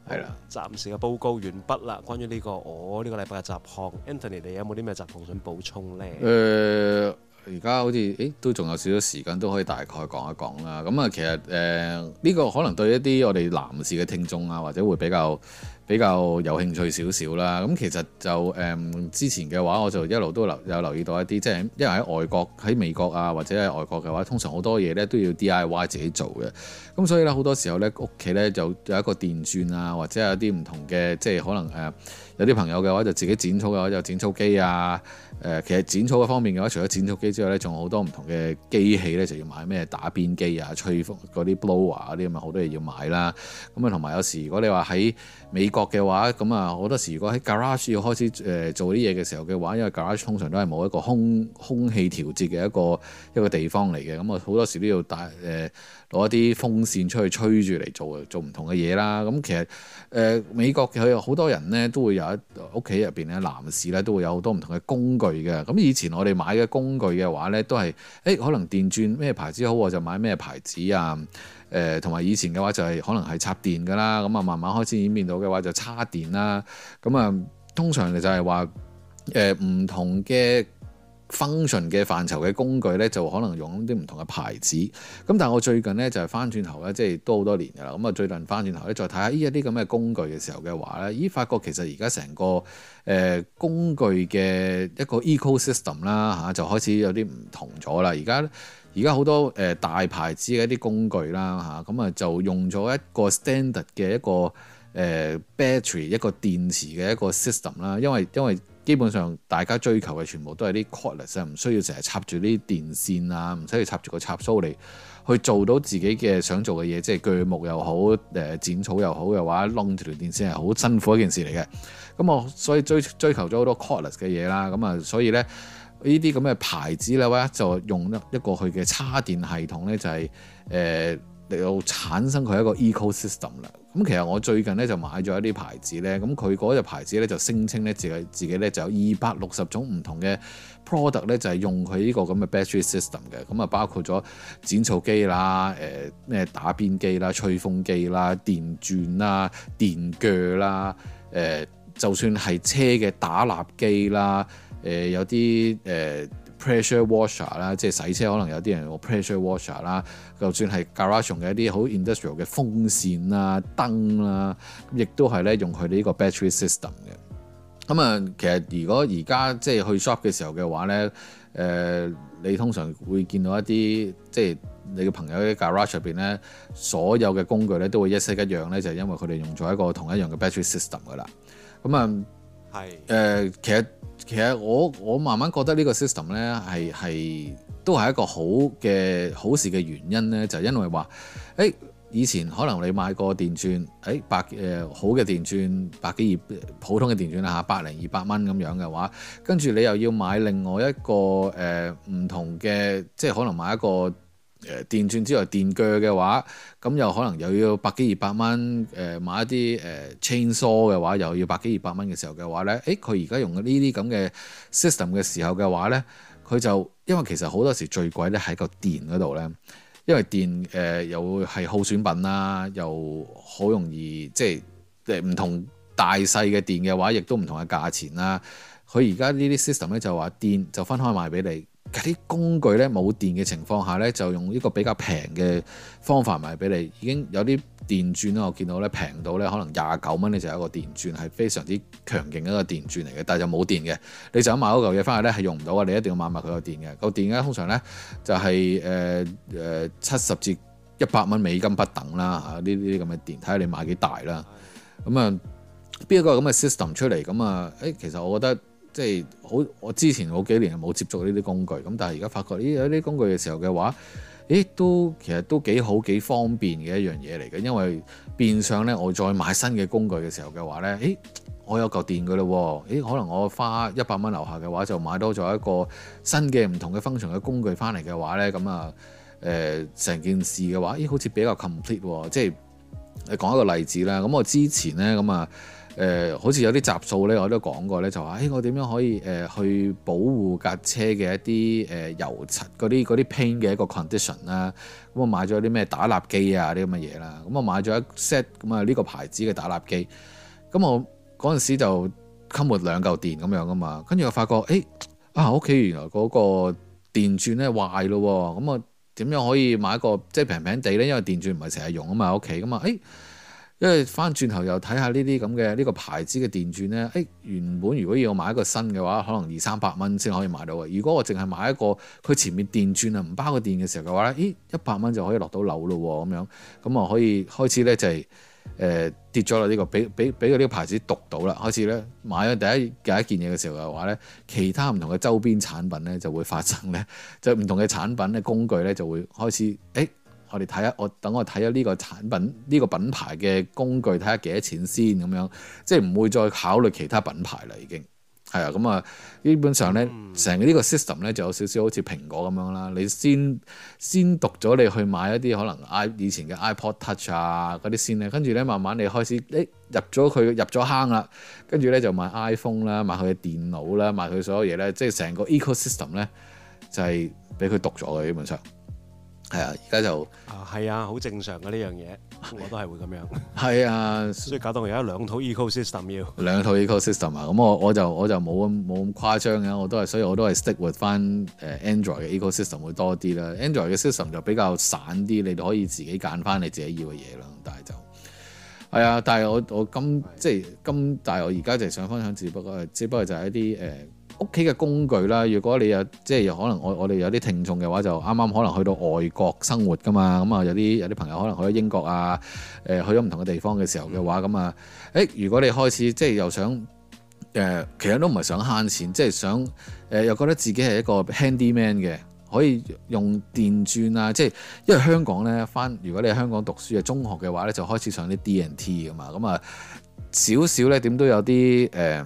係啦了，暫時嘅報告完畢啦。關於呢、這個，我呢個禮拜嘅習慣，Anthony 你有冇啲咩習慣想補充咧？誒、呃，而家好似，誒，都仲有少少時間，都可以大概講一講啦。咁、嗯、啊，其實誒，呢、呃這個可能對一啲我哋男士嘅聽眾啊，或者會比較。比較有興趣少少啦，咁其實就誒、嗯、之前嘅話，我就一路都有留有留意到一啲，即係因為喺外國喺美國啊，或者喺外國嘅話，通常好多嘢咧都要 DIY 自己做嘅，咁所以咧好多時候咧屋企咧就有一個電鑽啊，或者有啲唔同嘅，即係可能誒、啊。有啲朋友嘅話就自己剪草嘅話就剪草機啊，誒、呃、其實剪草方面嘅話，除咗剪草機之外咧，仲有好多唔同嘅機器咧，就要買咩打邊機啊、吹風嗰啲 blower 嗰啲咁啊，好多嘢要買啦。咁啊，同埋有時如果你話喺美國嘅話，咁啊好多時如果喺 garage 要開始誒、呃、做啲嘢嘅時候嘅話，因為 garage 通常都係冇一個空空氣調節嘅一個一個地方嚟嘅，咁啊好多時都要帶誒。呃攞一啲風扇出去吹住嚟做做唔同嘅嘢啦，咁、嗯、其實誒、呃、美國佢有好多人呢，都會有一屋企入邊咧，男士呢都會有好多唔同嘅工具嘅，咁、嗯、以前我哋買嘅工具嘅話呢，都係誒、欸、可能電鑽咩牌子好，我就買咩牌子啊，誒同埋以前嘅話就係、是、可能係插電噶啦，咁、嗯、啊慢慢開始演變到嘅話就充電啦，咁、嗯、啊通常就係話誒唔同嘅 Function 嘅範疇嘅工具咧，就可能用啲唔同嘅牌子。咁但係我最近咧就係、是、翻轉頭咧，即係都好多年㗎啦。咁啊，最近翻轉頭咧再睇下呢一啲咁嘅工具嘅時候嘅話咧，咦，發覺其實而家成個誒、呃、工具嘅一個 ecosystem 啦、啊、嚇，就開始有啲唔同咗啦。而家而家好多誒、呃、大牌子嘅一啲工具啦嚇，咁啊，啊就用咗一個 standard 嘅一個誒、呃、battery 一個電池嘅一個 system 啦、啊，因為因為。基本上大家追求嘅全部都係啲 cordless 實唔需要成日插住啲電線啊，唔使去插住個插蘇嚟去做到自己嘅想做嘅嘢，即係鋸木又好，誒剪草又好嘅話，弄條條電線係好辛苦一件事嚟嘅。咁我所以追追求咗好多 cordless 嘅嘢啦，咁啊，所以咧呢啲咁嘅牌子咧，就用一一個佢嘅插電系統咧、就是，就係誒。嚟到產生佢一個 ecosystem 啦。咁其實我最近咧就買咗一啲牌子咧，咁佢嗰隻牌子咧就聲稱咧自己自己咧就有二百六十種唔同嘅 product 咧就係用佢呢個咁嘅 battery system 嘅。咁啊包括咗剪草機啦、誒、呃、咩打邊機啦、吹風機啦、電鑽啦、電鋸啦、誒、呃、就算係車嘅打蠟機啦、誒、呃、有啲誒。呃 pressure washer 啦，即係洗車可能有啲人用 pressure washer 啦，就算係 garage 嘅一啲好 industrial 嘅風扇啊、燈啊，亦都係咧用佢呢個 battery system 嘅。咁、嗯、啊，其實如果而家即係去 shop 嘅時候嘅話咧，誒、呃，你通常會見到一啲即係你嘅朋友喺 garage 入邊咧，所有嘅工具咧都會一式一樣咧，就係、因為佢哋用咗一個同一樣嘅 battery system 噶啦。咁、嗯、啊，係誒是、呃，其實。其實我我慢慢覺得呢個 system 呢，係係都係一個好嘅好事嘅原因呢就因為話，誒、欸、以前可能你買個電鑽，誒百誒好嘅電鑽百幾二，普通嘅電鑽啦嚇，百零二百蚊咁樣嘅話，跟住你又要買另外一個誒唔同嘅，即係可能買一個。誒電鑽之外，電鋸嘅話，咁又可能又要百幾二百蚊誒買一啲誒、呃、chain saw 嘅話，又要百幾二百蚊嘅時候嘅話咧，誒佢而家用呢啲咁嘅 system 嘅時候嘅話咧，佢就因為其實好多時最貴咧喺個電嗰度咧，因為電誒又係耗損品啦，又好容易即係誒唔同大細嘅電嘅話，亦都唔同嘅價錢啦。佢而家呢啲 system 咧就話電就分開賣俾你。嗰啲工具咧冇電嘅情況下咧，就用一個比較平嘅方法賣俾你。已經有啲電鑽啦，我見到咧平到咧可能廿九蚊嘅就有一個電鑽，係非常之強勁一個電鑽嚟嘅，但係就冇電嘅。你就想買嗰嚿嘢翻去咧係用唔到啊。你一定要買埋佢個電嘅。個電咧通常咧就係誒誒七十至一百蚊美金不等啦，嚇呢啲咁嘅電，睇下你買幾大啦。咁啊，邊一個咁嘅 system 出嚟咁啊？誒，其實我覺得。即係好，我之前好幾年係冇接觸呢啲工具，咁但係而家發覺呢啲工具嘅時候嘅話，咦都其實都幾好幾方便嘅一樣嘢嚟嘅，因為變相呢，我再買新嘅工具嘅時候嘅話呢，誒我有嚿電噶啦，誒可能我花一百蚊樓下嘅話就買多咗一個新嘅唔同嘅分層嘅工具翻嚟嘅話呢。咁啊誒成、呃、件事嘅話，咦好似比較 complete，即係你講一個例子啦，咁我之前呢。咁啊。誒、呃、好似有啲雜數咧，我都講過咧，就話誒、欸、我點樣可以誒、呃、去保護架車嘅一啲誒、呃、油漆嗰啲嗰啲 paint 嘅一個 condition 啦、啊。咁、嗯、我買咗啲咩打蠟機啊啲咁嘅嘢啦。咁、啊嗯、我買咗一 set 咁啊呢個牌子嘅打蠟機。咁、嗯、我嗰陣時就襟埋兩嚿電咁樣噶嘛。跟住我發覺誒、欸、啊屋企原來嗰個電鑽咧壞咯。咁啊點樣可以買一個即係平平地咧？因為電鑽唔係成日用啊嘛，喺屋企噶嘛。誒、嗯。欸因為翻轉頭又睇下呢啲咁嘅呢個牌子嘅電鑽呢。誒原本如果要買一個新嘅話，可能二三百蚊先可以買到嘅。如果我淨係買一個佢前面電鑽啊，唔包個電嘅時候嘅話呢，咦一百蚊就可以落到樓咯咁樣，咁啊可以開始呢，就係誒跌咗啦，呢個俾俾俾佢呢個牌子毒到啦，開始呢，買咗第一第一件嘢嘅時候嘅話呢，其他唔同嘅周邊產品呢就會發生呢，就唔同嘅產品嘅工具呢就會開始誒。誒我哋睇下，我等我睇下呢個產品、呢、呢個品牌嘅工具，睇下幾多錢先咁樣，即係唔會再考慮其他品牌啦。已經係啊，咁啊，基本上呢，成個呢個 system 咧就有少少好似蘋果咁樣啦。你先先讀咗你去買一啲可能以前嘅 iPod Touch 啊嗰啲先咧，跟住呢，慢慢你開始，你、欸、入咗佢入咗坑啦，跟住呢，就買 iPhone 啦，買佢嘅電腦啦，買佢所有嘢呢，即係成個 ecosystem 呢，就係俾佢讀咗嘅基本上。係啊，而家就係啊，好、啊、正常嘅呢樣嘢，我都係會咁樣。係 啊，所以搞到我而家兩套 ecosystem 要兩套 ecosystem 啊，咁我我就我就冇咁冇咁誇張嘅，我都係，所以我都係 stick with 翻誒 Android 嘅 ecosystem 會多啲啦。Android 嘅 system 就比較散啲，你哋可以自己揀翻你自己要嘅嘢啦。但係就係啊，但係我我今的即係今，但係我而家就係想分享，只不過只不過就係一啲誒。嗯屋企嘅工具啦，如果你有，即係又可能我我哋有啲聽眾嘅話，就啱啱可能去到外國生活噶嘛，咁啊有啲有啲朋友可能去咗英國啊，誒、呃、去咗唔同嘅地方嘅時候嘅話，咁啊，誒、欸、如果你開始即係又想誒、呃，其實都唔係想慳錢，即係想誒、呃、又覺得自己係一個 handyman 嘅，可以用電鑽啊，即係因為香港呢，翻，如果你喺香港讀書嘅、中學嘅話呢就開始上啲 D and T 噶嘛，咁啊少少呢點都有啲誒。呃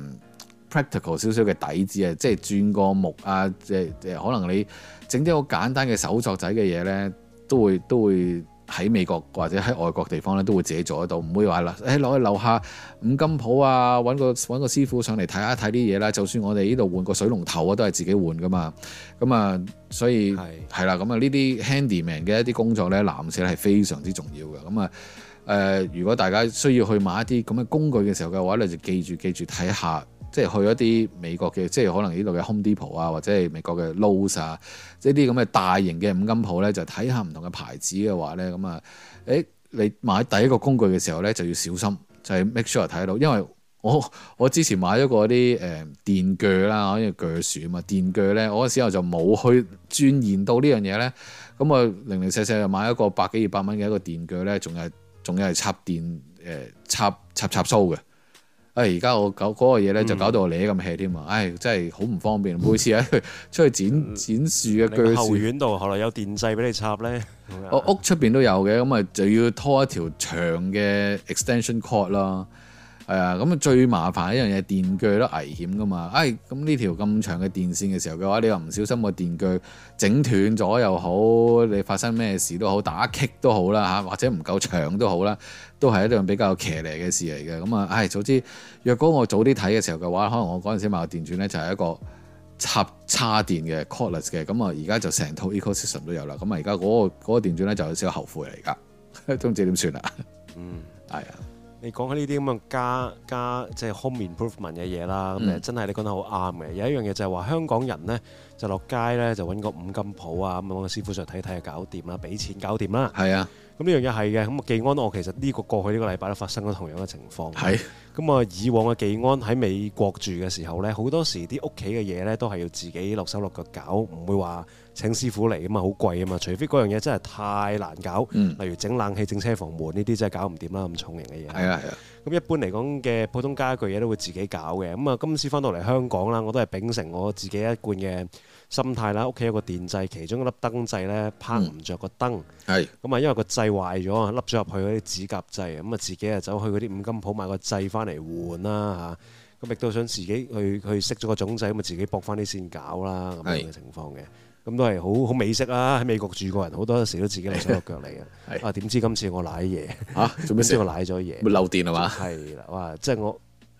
Practical 少少嘅底子轉啊，即係轉個木啊，即係可能你整啲好簡單嘅手作仔嘅嘢呢，都會都會喺美國或者喺外國地方呢，都會自己做得到，唔會話啦，誒落去樓下五金鋪啊，揾個揾個師傅上嚟睇下睇啲嘢啦。就算我哋呢度換個水龍頭啊，都係自己換噶嘛。咁啊，所以係係啦，咁啊呢是啲 handyman 嘅一啲工作咧，男士係非常之重要嘅。咁啊誒，如果大家需要去買一啲咁嘅工具嘅時候嘅話咧，你就記住記住睇下。即係去一啲美國嘅，即係可能呢度嘅 Home Depot 啊，或者係美國嘅 Lowe 啊，即係啲咁嘅大型嘅五金鋪咧，就睇下唔同嘅牌子嘅話咧，咁啊，誒，你買第一個工具嘅時候咧，就要小心，就係 make sure 睇到，因為我我之前買咗個啲誒電鋸啦，因為鋸樹啊嘛，電鋸咧，我嗰時候就冇去轉研到呢樣嘢咧，咁啊零零舍舍就買一個百幾二百蚊嘅一個電鋸咧，仲係仲要係插電誒插插插蘇嘅。誒而家我搞嗰、那個嘢咧，嗯、就搞到我嚟咁氣添啊！唉、哎，真係好唔方便，每次喺去出去剪、嗯、剪樹嘅鋸樹。後院度後來有電掣俾你插咧。我、 哦、屋出邊都有嘅，咁、嗯、啊就要拖一條長嘅 extension cord 啦。係啊，咁啊、嗯、最麻煩一樣嘢電鋸都危險㗎嘛，唉、哎，咁呢條咁長嘅電線嘅時候嘅話，你又唔小心個電鋸整斷咗又好，你發生咩事都好，打擊都好啦嚇，或者唔夠長都好啦，都係一樣比較騎呢嘅事嚟嘅。咁、嗯、啊，唉、哎，總之若果我早啲睇嘅時候嘅話，可能我嗰陣時買個電鑽咧就係一個插叉電嘅 cordless 嘅，咁啊而家就成套 ecosystem 都有啦。咁啊而家嗰個嗰、嗰個電鑽咧就有少少後悔嚟㗎，總之點算啦？嗯，係啊、哎。你講起呢啲咁嘅加加即係 home improvement 嘅嘢啦，咁、嗯、真係你講得好啱嘅。有一樣嘢就係話香港人呢，就落街呢，就揾個五金鋪啊咁樣揾個師傅上睇睇就搞掂啦，俾錢搞掂啦。係啊，咁呢、嗯、樣嘢係嘅。咁、嗯、啊，技安我其實呢、呢個過去呢個禮拜都發生咗同樣嘅情況。係、啊。咁啊、嗯，以往嘅技安喺美國住嘅時候呢，好多時啲屋企嘅嘢呢，都係要自己落手落腳搞，唔會話，請師傅嚟啊嘛，好貴啊嘛。除非嗰樣嘢真係太難搞，嗯、例如整冷氣、整車房門呢啲，真係搞唔掂啦。咁重型嘅嘢係啊，係啊。咁一般嚟講嘅普通家具嘢都會自己搞嘅。咁、嗯、啊，今次翻到嚟香港啦，我都係秉承我自己一貫嘅心態啦。屋企有個電掣，其中一粒燈掣咧，拍唔着個燈。咁啊、嗯嗯，因為個掣壞咗啊，甩咗入去嗰啲指甲掣啊。咁、嗯、啊，自己啊走去嗰啲五金鋪買個掣翻嚟換啦嚇。咁、啊嗯、亦都想自己去去熄咗個總掣，咁啊自己駁翻啲線搞啦咁、啊、樣嘅情況嘅。咁都係好好美式啦。喺美國住過人，好多時都自己落手落腳嚟嘅。 是的 啊，點知今次我瀨嘢嚇？做咩先？我瀨咗嘢？會漏電係嘛？係啦，哇！即係我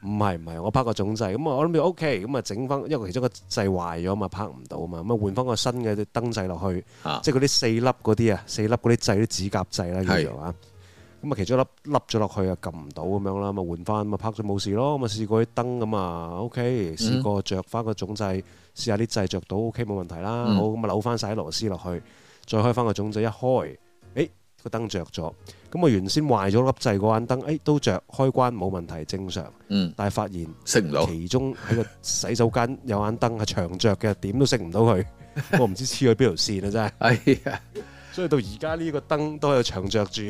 唔係唔係，我拍個總掣咁啊、嗯！我諗住 O K，咁啊整翻，因為其中個掣壞咗嘛，拍唔到嘛，咁、嗯、啊換翻個新嘅燈掣落去。即係嗰啲四粒嗰啲啊，四粒嗰啲掣，啲指甲掣啦叫做啊。咁啊是的、嗯嗯嗯，其中一粒，凹咗落去啊，撳唔到咁樣啦，咪換翻，咪拍咗冇事咯。我咪試過啲燈咁啊，O K，試過着翻個總掣。OK。.試下啲掣著到 OK 冇問題啦，好，咁啊扭翻晒啲螺絲落去，再開翻個總掣一開，誒、欸、個燈着咗，咁我原先壞咗粒掣嗰眼燈，誒、欸、都着，開關冇問題正常，但係發現熄唔到，其中喺個洗手間有眼燈係長着嘅，點都熄唔到佢，我唔知黐咗邊條線啊真係， 所以到而家呢個燈都喺度長着住。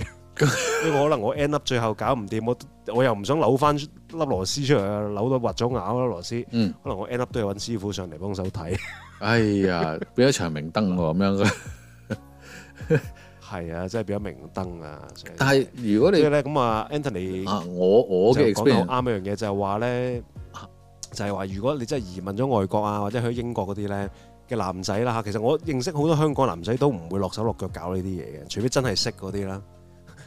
呢個可能我 end up 最後搞唔掂，我我又唔想扭翻粒螺絲出嚟啊，扭到滑咗牙嗰粒螺絲。嗯，可能我 end up 都要揾師傅上嚟幫手睇。哎呀，變咗長明燈喎，咁樣嘅。係啊，真係變咗明燈啊！但係如果你咧咁啊，Anthony 啊，我我嘅講得好啱一樣嘢，就係話咧，就係話如果你真係移民咗外國啊，或者去英國嗰啲咧嘅男仔啦吓，其實我認識好多香港男仔都唔會落手落腳搞呢啲嘢嘅，除非真係識嗰啲啦。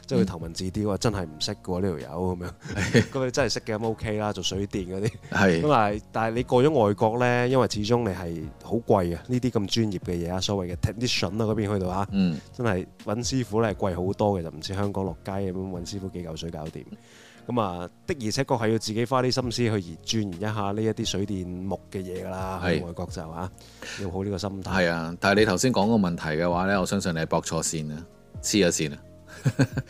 即係佢頭文字啲話，真係唔識嘅喎呢條友咁樣。咁你 真係識嘅咁 OK 啦，做水電嗰啲。係咁是 但係你過咗外國呢，因為始終你係好貴嘅呢啲咁專業嘅嘢啊，所謂嘅 technician 啊嗰邊去到啊，嗯、真係揾師傅咧係貴好多嘅，就唔似香港落街咁揾師傅幾嚿水搞掂咁啊。的而且確係要自己花啲心思去而鑽研一下呢一啲水電木嘅嘢啦。係是外國就啊，要好呢個心態係啊。但係你頭先講個問題嘅話呢，我相信你係駁錯線啊，黐咗線啊！哈哈哈。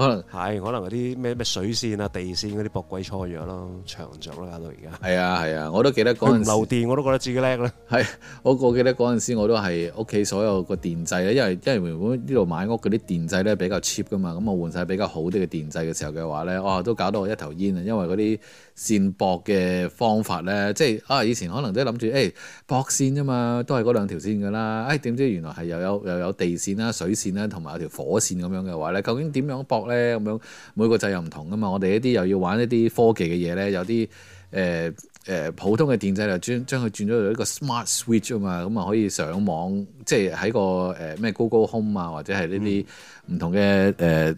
可能係可能嗰啲咩咩水線啊、地線嗰啲駁鬼錯藥咯，長著啦，搞到而家。係啊係啊，我都記得嗰陣。漏電我都覺得自己叻啦。係我我記得嗰陣時我都係屋企所有個電掣咧，因為因為原本呢度買屋嗰啲電掣咧比較 cheap 噶嘛，咁我換晒比較好啲嘅電掣嘅時候嘅話咧，哇、哦、都搞到我一頭煙啊，因為嗰啲線駁嘅方法咧，即係啊以前可能都諗住誒駁線啫嘛，都係嗰兩條線噶啦，誒、哎、點知原來係又有又有，有，有，有地線啦、水線啦，同埋有，有條火線咁樣嘅話咧，究竟點樣駁咧？咧咁樣每個掣又唔同噶嘛，我哋一啲又要玩一啲科技嘅嘢咧，有啲誒誒普通嘅電掣就轉將佢轉咗做一個 smart switch 啊嘛，咁啊可以上網，即係喺個誒咩、呃、Google Home 啊，或者係呢啲唔同嘅誒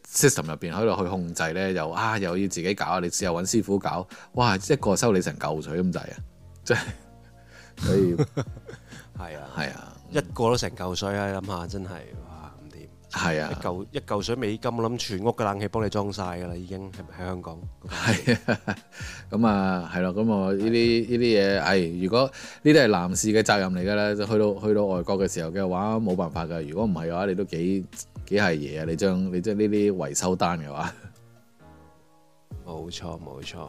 system 入邊喺度去控制咧，又啊又要自己搞啊，你只有揾師傅搞，哇一個收你成嚿水咁滯 啊，即係所以係啊係啊，一個都成嚿水啊，你諗下真係。係啊，一嚿一嚿水美金，我諗全屋嘅冷氣幫你裝晒噶啦，已經係咪喺香港？係、那個、啊，咁啊，係咯，咁啊，呢啲呢啲嘢，唉、啊哎，如果呢啲係男士嘅責任嚟噶啦，去到去到外國嘅時候嘅話，冇辦法噶。如果唔係嘅話，你都幾幾係嘢啊！你將你將呢啲維修單嘅話，冇錯冇錯。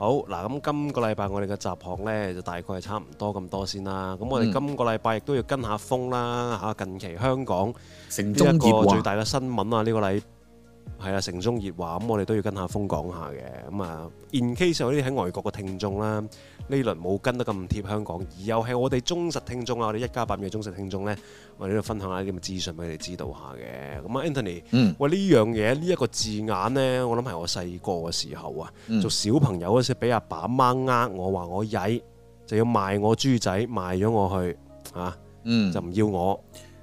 好嗱，咁今個禮拜我哋嘅集行呢，就大概係差唔多咁多先啦。咁我哋今個禮拜亦都要跟下風啦，近期香港一個最大嘅新聞啊，呢個禮。係啊，城中熱話，咁我哋都要跟下風講下嘅。咁啊，in case 有啲喺外國嘅聽眾啦，呢輪冇跟得咁貼香港，而又係我哋忠實聽眾啊，我哋一家852嘅忠實聽眾咧，我哋度分享下啲咁嘅資訊俾你哋知道下嘅。咁啊，Anthony，、嗯、喂呢樣嘢呢一個字眼咧，我諗係我細個嘅時候啊，嗯、做小朋友嗰時候爸爸，俾阿爸媽呃我話我曳，就要賣我豬仔賣咗我去啊，嗯、就唔要我。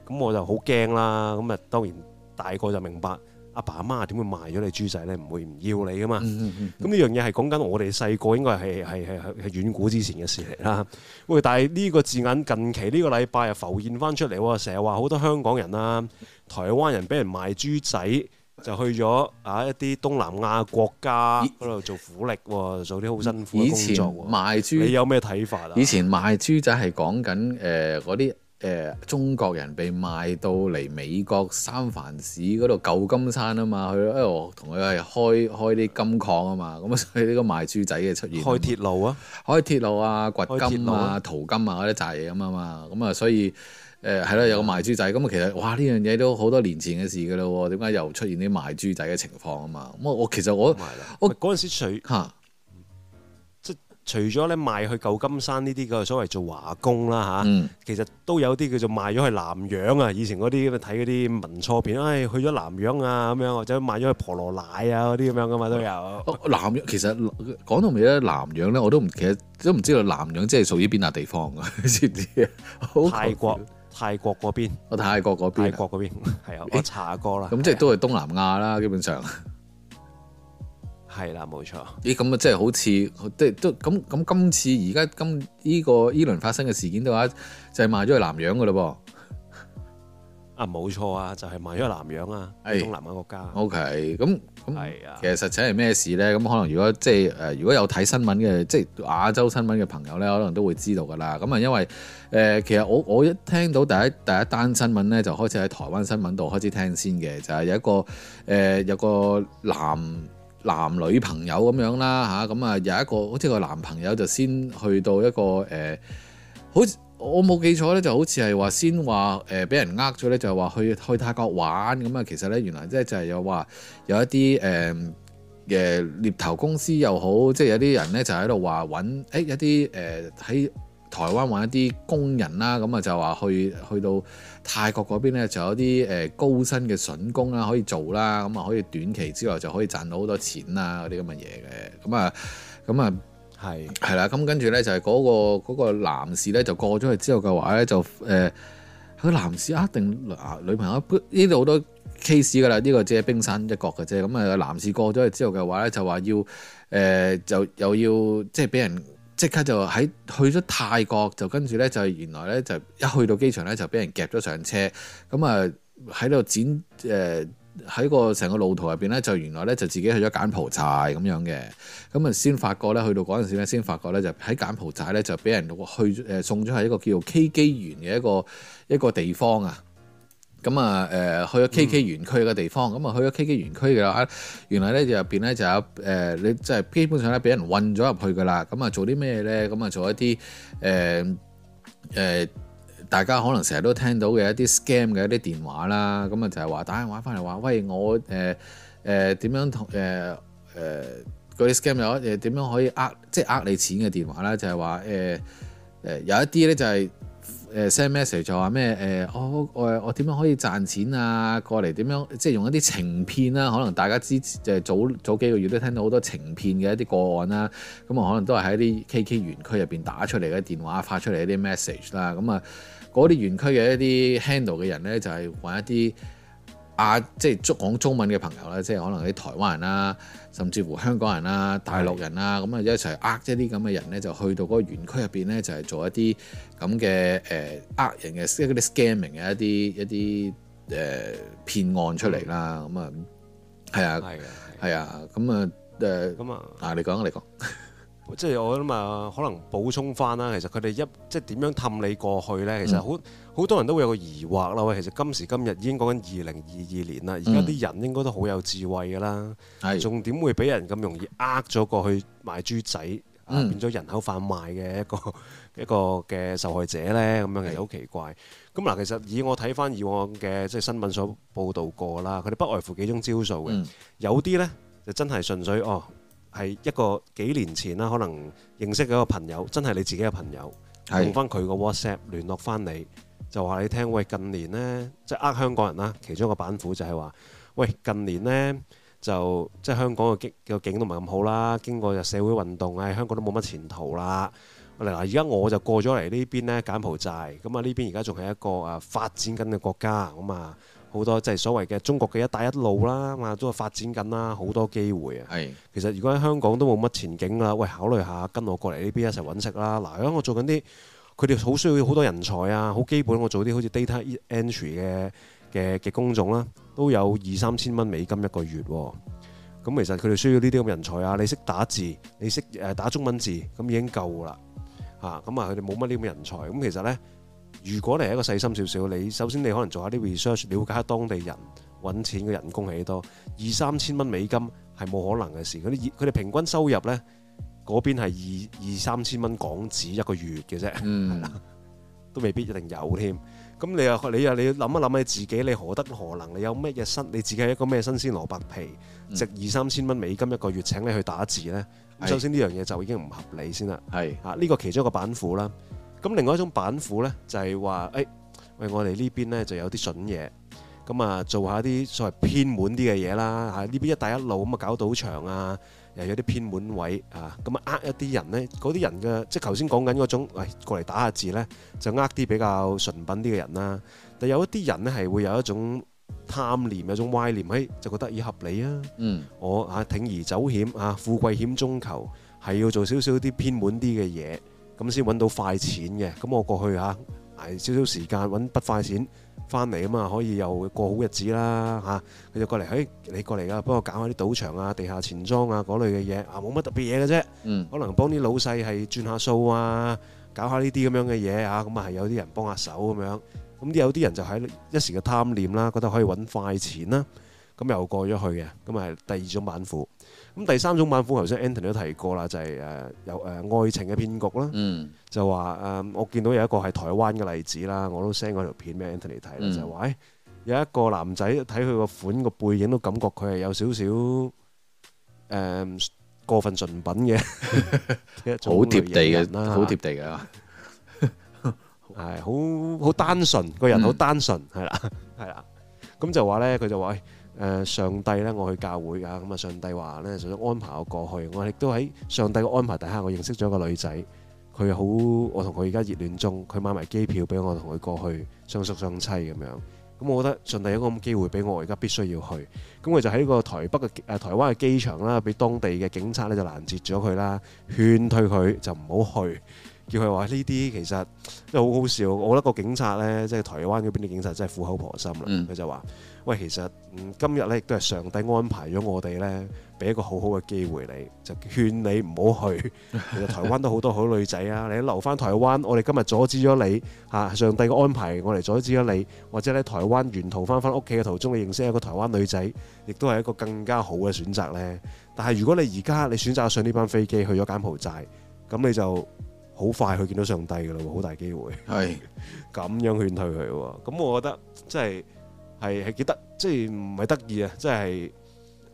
咁我就好驚啦。咁啊，當然大個就明白。阿爸阿媽點會賣咗你豬仔呢？唔會唔要你噶嘛？咁呢、嗯嗯、樣嘢係講緊我哋細個應該係係係係遠古之前嘅事嚟啦。喂，但係呢個字眼近期呢、呢個禮拜又浮現翻出嚟喎，成日話好多香港人啊、台灣人俾人賣豬仔，就去咗啊一啲東南亞國家嗰度做苦力喎，做啲好辛苦嘅工作喎。賣豬你有咩睇法啊？以前賣豬仔係講緊誒嗰啲，呃誒、呃、中國人被賣到嚟美國三藩市嗰度，舊金山啊嘛，佢因同佢係開開啲金礦啊嘛，咁、嗯、啊所以呢個賣豬仔嘅出現，開鐵路啊，開鐵路啊，掘金啊，啊淘金啊嗰啲雜嘢咁啊嘛，咁啊、嗯、所以誒係啦，有個賣豬仔咁啊、嗯，其實哇呢樣嘢都好多年前嘅事噶啦，點解又出現啲賣豬仔嘅情況啊嘛？咁、嗯、我其實我我嗰陣時水嚇。我除咗咧賣去舊金山呢啲嘅所謂做華工啦嚇，嗯、其實都有啲叫做賣咗去南洋，哎，去南洋啊，以前嗰啲咁睇嗰啲民初片，唉去咗南洋啊咁樣，或者賣咗去婆羅乃啊嗰啲咁樣噶嘛都有。南洋其實講到尾咧，南洋咧我都唔其實都唔知道南洋即係屬於邊笪地方噶，你知唔知啊？好泰，泰國泰國嗰邊，泰國嗰邊，泰國嗰邊係啊，我查過啦，咁即係都係東南亞啦，對基本上。 係啦，冇錯。咦，咁啊，即係好似，即係都咁咁。今次而家今呢個依輪發生嘅事件嘅話，就係、是、賣咗去南洋噶咯噃。啊，冇錯啊，就係、是、賣咗去南洋啊，係，東南亞國家。O K，咁咁，係啊，其實實情係咩事咧？咁可能如果即係誒，如果有睇新聞嘅，即係亞洲新聞嘅朋友咧，可能都會知道噶啦。咁啊，因為誒、呃，其實我我一聽到第一第一單新聞咧，就開始喺台灣新聞度開始聽先嘅，就係、是、有一個誒、呃，有個，有個，有個男。男女朋友咁樣啦嚇，咁啊、嗯、有一個好似個男朋友就先去到一個誒、呃，好似我冇記錯咧，就好似係話先話誒俾人呃咗咧，就話、是、去去泰國玩咁啊、嗯，其實咧原來即係就係有話有一啲誒誒獵頭公司又好，即、就、係、是、有啲人咧就喺度話揾誒一啲誒喺。呃台灣揾一啲工人啦，咁啊就話去去到泰國嗰邊咧，就有啲誒高薪嘅筍工啦，可以做啦，咁啊可以短期之外就可以賺到好多錢啦，嗰啲咁嘅嘢嘅，咁啊，咁啊，係係啦，咁是跟住咧就係嗰、嗰個嗰個男士咧，就過咗去之後嘅話咧，就、呃、誒，個男士一定啊女朋友，呢度好多 case 噶啦，呢、呢個即係冰山一角嘅啫。咁啊，男士過咗去之後嘅話咧，就話要誒，就又要即係俾人。即刻就喺去咗泰國，就跟住咧就原來咧就一去到機場咧就俾人夾咗上車，咁啊喺度剪誒喺、呃、個成個路途入邊咧就原來咧就自己去咗柬埔寨咁樣嘅，咁啊先發覺咧，去到嗰陣時咧先發覺咧就喺柬埔寨咧就俾人去誒送咗去一個叫做 K 機園嘅一個一個地方啊。咁啊，誒去咗 K K 園區嘅地方，咁啊、嗯、去咗 K K 園區嘅啦。原來咧入邊咧就有誒，你即係基本上咧俾人運咗入去㗎啦。咁啊做啲咩咧？咁啊做一啲誒誒，大家可能成日都聽到嘅一啲 scam 嘅一啲電話啦。咁啊就係話打電話翻嚟話，喂我誒誒點樣同誒誒嗰啲 scam 有？誒、呃、點、呃、樣可以呃即係呃你錢嘅電話啦？就係話誒誒有一啲咧就係、是。誒 send message 就話咩？誒、呃呃哦、我我我點樣可以賺錢啊？過嚟點樣即係用一啲情騙啦、啊？可能大家之，就係早早幾個月都聽到好多情騙嘅一啲個案啦、啊。咁、嗯、啊，可能都係喺啲 KK 園區入邊打出嚟嘅電話發出嚟一啲 message 啦。咁、嗯、啊，嗰啲園區嘅一啲 handle 嘅人呢，就係、是、搵一啲。啊，即係講中文嘅朋友咧，即係可能啲台灣人啦，甚至乎香港人啦、大陸人啦，咁啊一齊呃一啲咁嘅人咧，就去到嗰個園區入邊咧，就係做一啲咁嘅誒呃人嘅一啲 scamming 嘅一啲一啲誒騙案出嚟啦，咁啊，係啊，係啊，咁啊，誒，啊你講啊，你講。即係我諗啊，可能補充翻啦。其實佢哋一即係點樣氹你過去呢？其實好好、嗯、多人都會有個疑惑啦。喂，其實今時今日已經講緊二零二二年啦，而家啲人應該都好有智慧噶啦。係、嗯，仲點會俾人咁容易呃咗過去賣豬仔、嗯、啊？變咗人口販賣嘅一個一個嘅受害者呢。咁樣其實好奇怪。咁嗱、嗯，其實以我睇翻以往嘅即係新聞所報導過啦，佢哋不外乎幾種招數嘅。有啲呢，就真係純粹哦。係一個幾年前啦，可能認識嘅一個朋友，真係你自己嘅朋友，的用翻佢個 WhatsApp 聯絡翻你，就話你聽，喂，近年呢，即係呃香港人啦，其中一個板斧就係話，喂，近年呢，就即係香港嘅景嘅景都唔係咁好啦，經過就社會運動，誒，香港都冇乜前途啦。嗱，而家我就過咗嚟呢邊呢，柬埔寨，咁啊呢邊而家仲係一個誒發展緊嘅國家，咁啊。好多即係所謂嘅中國嘅一帶一路啦，咁啊都發展緊啦，好多機會啊。係的其實如果喺香港都冇乜前景啦，喂，考慮下跟我過嚟呢邊一齊搵食啦。嗱，如果我做緊啲佢哋好需要好多人才啊，好基本。我做啲好似 data entry 嘅嘅嘅工種啦，都有二三千蚊美金一個月。咁其實佢哋需要呢啲咁嘅人才啊，你識打字，你識誒打中文字，咁已經夠啦嚇。咁啊，佢哋冇乜呢咁嘅人才。咁其實咧。如果你係一個細心少少，你首先你可能做下啲 research，了解下當地人揾錢嘅人工係幾多？二三千蚊美金係冇可能嘅事。啲佢哋平均收入呢嗰邊係二二三千蚊港紙一個月嘅啫，係啦、嗯，都未必一定有添。咁你又你又你諗一諗你自己，你何德何能？你有咩嘢新？你自己係一個咩新鮮蘿蔔皮？值二三千蚊美金一個月請你去打字呢？首先呢是樣嘢就已經唔合理先啦。係是啊，呢、這個其中一個板斧啦。咁另外一種板斧咧，就係話，誒，喂，我哋呢邊咧就有啲筍嘢，咁啊做下啲所謂偏滿啲嘅嘢啦，嚇呢邊一帶一路咁啊搞到好長啊，又有啲偏滿位啊，咁啊呃一啲人咧，嗰啲人嘅即係頭先講緊嗰種，喂，過嚟打下字咧，就呃啲比較純品啲嘅人啦。但有一啲人咧係會有一種貪念，有一種歪念，嘿，就覺得以合理啊，嗯，我嚇啊鋌而走險啊，富貴險中求，係要做少少啲偏滿啲嘅嘢。咁先揾到快錢嘅，咁我過去嚇、啊、捱少少時間揾筆快錢翻嚟啊嘛，可以又過好日子啦嚇。佢、啊、就過嚟，誒、哎、你過嚟啊，幫我搞下啲賭場啊、地下錢莊啊嗰類嘅嘢啊，冇乜特別嘢嘅啫。嗯、可能幫啲老細係轉下數啊，搞下呢啲咁樣嘅嘢嚇，咁啊係有啲人幫下手咁樣。咁、啊、啲有啲人就喺一時嘅貪念啦、啊，覺得可以揾快錢啦、啊，咁又過咗去嘅，咁咪係第二種板斧。咁第三種版款，頭先 Anthony 都提過啦，就係誒有誒愛情嘅騙局啦，就話誒我見到有一個係台灣嘅例子啦，我都 send 嗰條片俾 Anthony 睇啦，就係話誒有一個男仔睇佢個款個背影，都感覺佢係有少少誒過分純品嘅一種嘅嘢啦，好貼地嘅，係好好單純，個人好單純係啦，係啦，咁就話咧佢就話誒。誒、呃、上帝咧，我去教會㗎，咁啊上帝話咧，就安排我過去。我亦都喺上帝嘅安排底下，我認識咗個女仔，佢好，我同佢而家熱戀中，佢買埋機票俾我同佢過去，雙宿雙棲咁樣。咁、嗯、我覺得上帝有個咁機會俾我，而家必須要去。咁佢就喺個台北嘅、呃、台灣嘅機場啦，俾當地嘅警察咧就攔截咗佢啦，勸退佢就唔好去，叫佢話呢啲其實即係好好笑。我覺得個警察咧，即係台灣嗰邊啲警察真係苦口婆心啦，佢就話。喂，其實今日咧亦都係上帝安排咗我哋咧，俾一個好好嘅機會你，就勸你唔好去。其實台灣都好多好女仔啊，你留翻台灣，我哋今日阻止咗你嚇上帝嘅安排，我哋阻止咗你，或者咧台灣沿途翻翻屋企嘅途中，你認識一個台灣女仔，亦都係一個更加好嘅選擇咧。但係如果你而家你選擇上呢班飛機去咗柬埔寨，咁你就好快去見到上帝噶啦，好大機會係咁樣勸退佢喎。咁我覺得即係。係係幾得，即係唔係得意啊！即係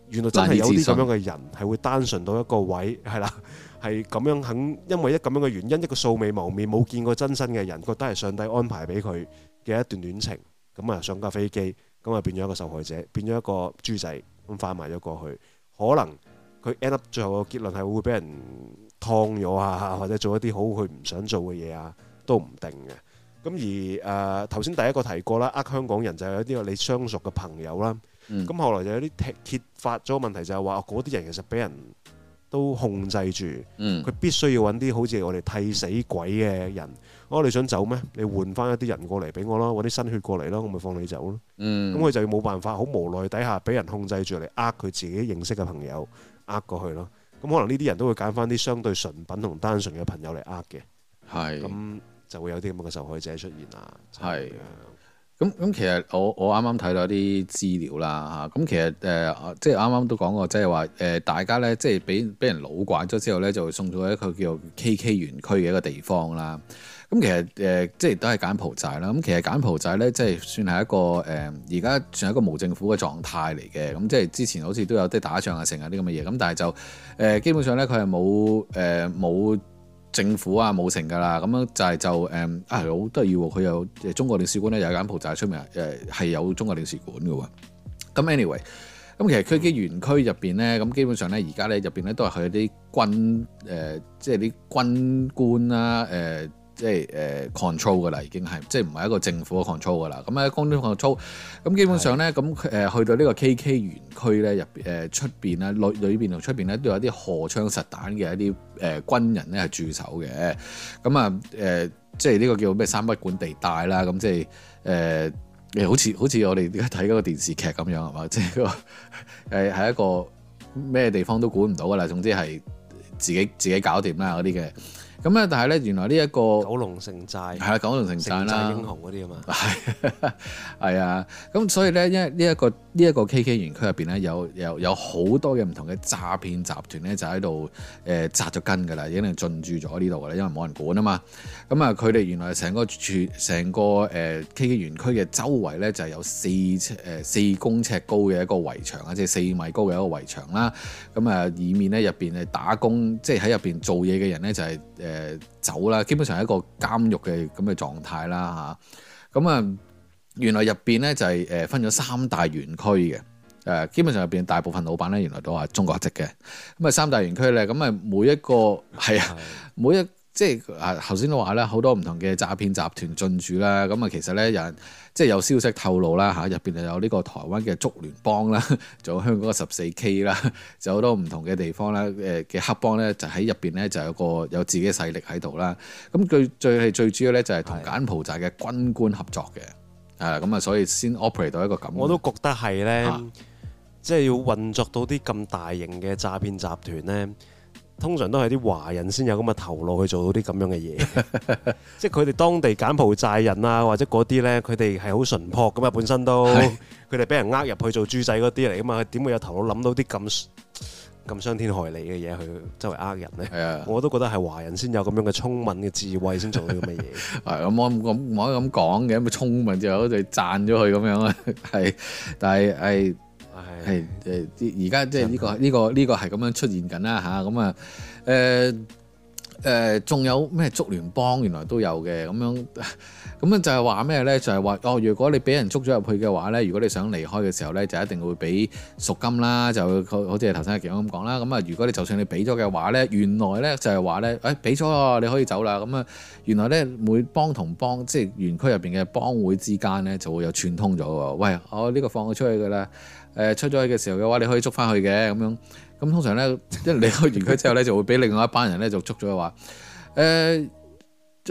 原來真係有啲咁樣嘅人係會單純到一個位，係啦，係咁樣肯，因為一咁樣嘅原因，一個素未謀面、冇見過真身嘅人，覺得係上帝安排俾佢嘅一段戀情，咁啊上架飛機，咁啊變咗一個受害者，變咗一個豬仔，咁返埋咗過去，可能佢 end up 最後嘅結論係會俾人劏咗啊，或者做一啲好佢唔想做嘅嘢啊，都唔定嘅。咁而誒頭先第一個提過啦，呃，香港人就係有啲你相熟嘅朋友啦。咁後來就有啲揭發咗問題，就係話嗰啲人其實俾人都控制住。佢必須要揾啲好似我哋替死鬼嘅人。我你想走咩？你換翻一啲人過嚟俾我咯，揾啲新血過嚟咯，我咪放你走咯。咁佢就要冇辦法，好無奈底下俾人控制住嚟呃佢自己認識嘅朋友呃過去咯。咁可能呢啲人都會揀翻啲相對純品同單純嘅朋友嚟呃嘅。係咁。就會有啲咁嘅受害者出現啦。係、就、啊、是，咁咁其實我我啱啱睇到啲資料啦嚇，咁其實誒、呃、即係啱啱都講過，即係話誒大家咧，即係俾俾人老拐咗之後咧，就會送咗一個叫 KK 園區嘅一個地方啦。咁其實誒、呃、即係都係柬埔寨啦。咁其實柬埔寨咧，即係算係一個誒而家算係一個無政府嘅狀態嚟嘅。咁、嗯、即係之前好似都有啲打仗啊、成啊啲咁嘅嘢。咁但係就誒基本上咧，佢係冇誒冇。政府啊冇成噶啦，咁、嗯、樣就係、是、就誒、嗯、啊，好得意佢有中國領事館咧，有一間鋪就係出名誒，係有中國領事館嘅喎。咁 anyway，咁其實區機園區入邊咧，咁基本上咧而家咧入邊咧都係佢啲軍誒、呃，即係啲軍官啦、啊、誒。呃即係誒 control 嘅啦，已經係即係唔係一個政府嘅 control 嘅啦。咁喺光端 control 咁基本上咧，咁誒是的、嗯、去到呢個 KK 園區咧入邊誒出邊啦，內內邊同出邊咧都有一啲荷槍實彈嘅一啲誒、呃、軍人咧係駐守嘅。咁啊誒，即係呢個叫咩三不管地帶啦。咁、嗯、即係誒誒，好似好似我哋而家睇嗰個電視劇咁樣係嘛？即係個誒係一個咩地方都管唔到嘅啦。總之係自己自己搞掂啦嗰啲嘅。咁啊！但係咧，原來呢、這、一個九龍城寨係啊，九龍城寨啦，寨英雄嗰啲啊嘛，係啊， 咁所以呢，因為呢一個。呢一個 KK 園區入邊咧，有有有好多嘅唔同嘅詐騙集團咧，就喺度誒紮咗根噶啦，已經係進駐咗呢度噶啦，因為冇人管啊嘛。咁、嗯、啊，佢哋原來成個全成個誒、呃、KK 園區嘅周圍咧，就係有四尺誒、呃、四公尺高嘅一個圍牆啊，即係四米高嘅一個圍牆啦。咁、嗯、啊，以免咧入邊誒打工，即係喺入邊做嘢嘅人咧，就係、是、誒、呃、走啦。基本上係一個監獄嘅咁嘅狀態啦吓？咁啊～、嗯嗯原來入邊咧就係誒分咗三大園區嘅誒，基本上入邊大部分老闆咧，原來都係中國籍嘅咁啊。三大園區咧，咁啊每一個係啊， 每一即係啊，頭先都話咧好多唔同嘅詐騙集團進駐啦。咁啊，其實咧有即係有消息透露啦嚇，入邊就有呢個台灣嘅竹聯幫啦，仲有香港嘅十四 K 啦，就好多唔同嘅地方啦誒嘅黑幫咧就喺入邊咧就有個有自己嘅勢力喺度啦。咁佢最係最主要咧就係同柬埔寨嘅軍官合作嘅。係咁啊，所以先 operate 到一個咁。我都覺得係咧，即係要運作到啲咁大型嘅詐騙集團咧，通常都係啲華人先有咁嘅頭腦去做到啲咁樣嘅嘢。 即係佢哋當地柬埔寨人啦，或者嗰啲咧，佢哋係好淳樸咁啊，本身都佢哋俾人呃入去做豬仔嗰啲嚟啊嘛，點會有頭腦諗到啲咁，咁傷天害理嘅嘢去周圍呃人咧，係是啊我、 嗯，我都覺得係華人先有咁樣嘅聰明嘅智慧先做到咁嘅嘢。係咁我唔咁唔可以咁講嘅，咁聰明就好似讚咗佢咁樣啊，係，但係係係誒，而家真即係呢、這個呢、這個呢、這個係咁樣出現緊啦吓，咁啊誒。嗯呃誒仲、呃、有咩捉聯邦原來都有嘅咁樣，咁樣就係話咩呢？就係、係、話哦，如果你俾人捉咗入去嘅話呢，如果你想離開嘅時候呢，就一定會俾贖金啦，就好似係頭先阿健咁講啦。咁啊，如果你就算你俾咗嘅話呢，原來呢，就係話呢，誒俾咗你可以走啦。咁啊，原來呢，每幫同幫即係園區入邊嘅幫會之間呢，就會有串通咗喎。喂，我、哦、呢、呢個放佢出去噶啦，誒、呃、出咗去嘅時候嘅話，你可以捉翻去嘅咁樣。咁通常咧，即係你離開完佢之後咧，就會俾另外一班人咧就捉咗話，誒、呃，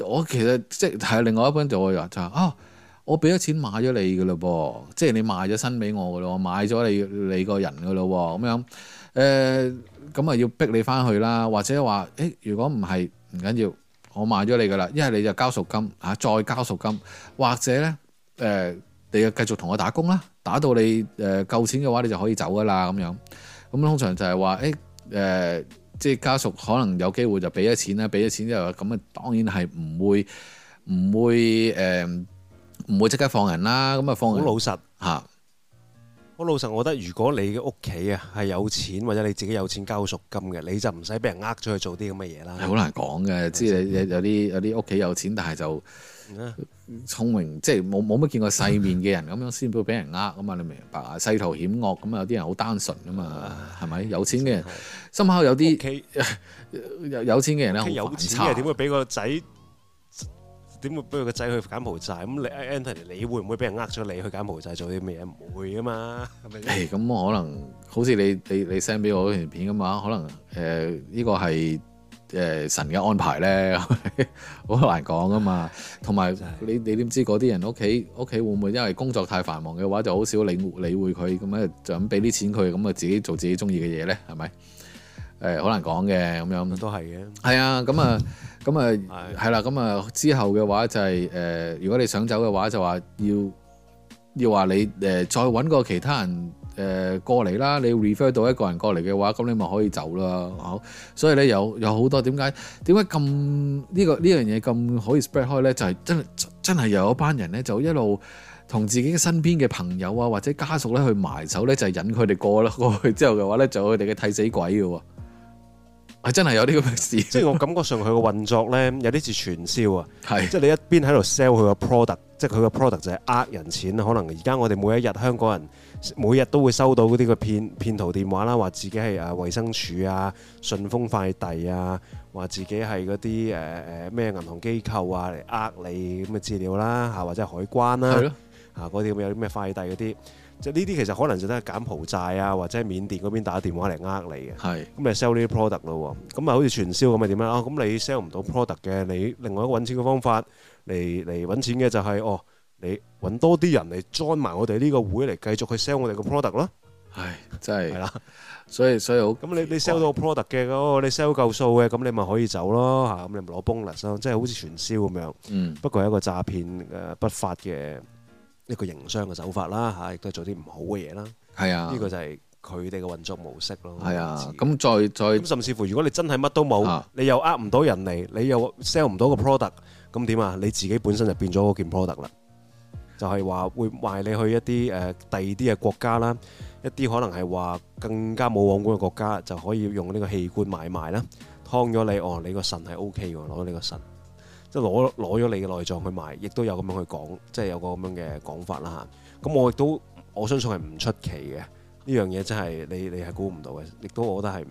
我其實即係另外一班就話就話啊，我俾咗錢買咗你噶咯噃，即係你賣咗身俾我噶咯、呃欸，我買咗你你個人噶咯喎，咁樣誒，咁啊要逼你翻去啦，或者話誒，如果唔係唔緊要，我賣咗你噶啦，一係你就交贖金嚇、啊，再交贖金，或者咧誒、呃，你就繼續同我打工啦，打到你誒、呃、夠錢嘅話，你就可以走噶啦咁樣。咁通常就係話，誒、欸，誒、呃，即係家屬可能有機會就俾咗錢啦，俾咗錢之後，咁啊當然係唔會，唔會，誒、呃，唔會即刻放人啦，咁啊放人，好老實嚇，好老實，是我老實我覺得如果你嘅屋企啊係有錢或者你自己有錢交贖金嘅，你就唔使俾人呃咗去做啲咁嘅嘢啦。好難講嘅，即係的有啲有啲屋企有錢，但係就。聰明，即係冇冇乜見過世面嘅人咁樣先會俾人呃啊嘛，你明白徒啊？世途險惡咁啊，有啲人好單純噶嘛，係咪？有錢嘅人，心口是有啲裡 有有錢嘅人咧好殘差，點會俾個仔，點會俾個仔去柬埔寨？咁你 Anthony，你會唔會俾人呃咗你去柬埔寨做啲咩嘢？唔會噶嘛？係咪？咁、欸、可能好似你你你 send 俾我嗰條片咁嘛，可能誒呢、呃這個係。誒、呃、神嘅安排咧，好 難講啊嘛。同埋是你你點知嗰啲人屋企屋企會唔會因為工作太繁忙嘅話，就好少理理會佢咁咧，就咁俾啲錢佢，咁啊自己做自己中意嘅嘢咧，係咪？誒、呃，好難講嘅咁樣，都係嘅。係啊，咁啊，咁 啊，係啦、 啊，咁啊，之後嘅話就係、是、誒、呃，如果你想走嘅話就，就話要要話你誒、呃、再揾個其他人。誒、呃、過嚟啦！你要 refer 到一個人過嚟嘅話，咁你咪可以走啦嚇。所以咧，有有好多點解點解咁呢個呢樣嘢咁可以 spread 開呢？就係真真係有一班人呢，就一路同自己身邊嘅朋友啊，或者家屬咧去埋手呢，就係、是、引佢哋過啦。過去之後嘅話呢，就佢哋嘅替死鬼嘅喎、啊。係真係有呢個事， 即係我感覺上佢個運作呢，有啲似傳銷啊，是即係你一邊喺度 sell 佢個 product，即係佢個 product 就係呃人錢啊。可能而家我哋每一日香港人每日都會收到嗰啲個騙騙徒電話啦，話自己係啊衞生署啊、順豐快遞啊，話自己係嗰啲誒誒咩銀行機構啊嚟呃你咁嘅資料啦，嚇或者係海關啦、啊，嚇嗰啲有啲咩快遞嗰啲。即係呢啲其實可能就真係柬埔寨啊，或者喺緬甸嗰邊打電話嚟呃你嘅，咁咪 sell 呢啲 product 咯。咁啊好似傳銷咁啊點樣？咁你 sell 唔到 product 嘅，你另外一個揾錢嘅方法嚟嚟揾錢嘅就係哦，你揾多啲人嚟 join 埋我哋呢個會嚟繼續去 sell 我哋個 product 咯。係真係，係啦，所以所以好。咁你你 sell 到 product 嘅，嗰個你 sell 夠數嘅，咁你咪可以走咯嚇，咁你咪攞 bonus 咯。即係好似傳銷咁樣，不過係一個詐騙嘅不法嘅。一個營商嘅手法啦，亦都係做啲唔好嘅嘢啦。係啊，呢、啊、個就係佢哋嘅運作模式咯。係啊，咁再、嗯、再，咁甚至乎，如果你真係乜都冇、啊，你又呃唔到人嚟，你又 sell 唔到個 product，咁點啊？你自己本身就變咗嗰件 product 啦。嗯、就係話會賣你去一啲誒第二啲嘅國家啦，一啲可能係話更加冇王管嘅國家，就可以用呢個器官買賣啦。劏咗你哦，你個腎係 OK 喎，攞你個腎。即係攞攞咗你嘅內臟去賣，亦都有咁樣去講，即係有個咁樣嘅講法啦嚇。咁、啊、我亦都我相信係唔出奇嘅，呢樣嘢真係你你係估唔到嘅。亦都我覺得係，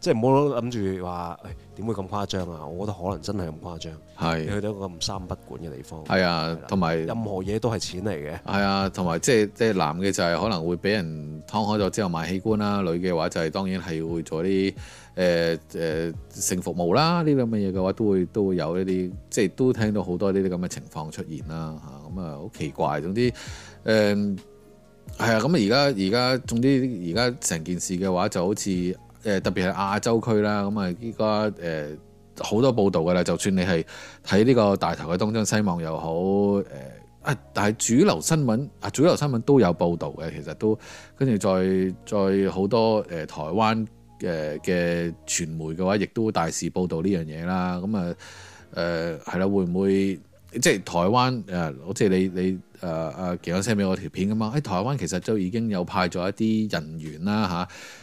即係唔好諗住話點會咁誇張啊！我覺得可能真係咁誇張，係、啊、你去到一個唔三不管嘅地方。係啊，同埋、啊、有任何嘢都係錢嚟嘅。係啊，同埋即係即係男嘅就係可能會俾人劏開咗之後賣器官啦，女嘅話就係當然係會做啲。誒誒、呃呃、性服務啦，呢啲咁嘅嘢嘅話，都會都會有一啲，即係都聽到好多呢啲咁嘅情況出現啦，嚇咁啊好、嗯、奇怪，總之誒係、嗯、啊，咁啊而家而家總之而家成件事嘅話，就好似誒、呃、特別係亞洲區啦，咁啊依家誒好多報導㗎喇，就算你係睇呢個大頭嘅東張西望又好，誒、呃、啊但係主流新聞啊主流新聞都有報導嘅，其實都跟住再再好多誒、呃、台灣。誒嘅傳媒嘅話，亦都大肆報導呢樣嘢啦。咁啊，誒係啦，會唔會即係台灣誒？好似你你誒誒，幾多聲俾我條片咁嘛。喺台灣其實就已經有派咗一啲人員啦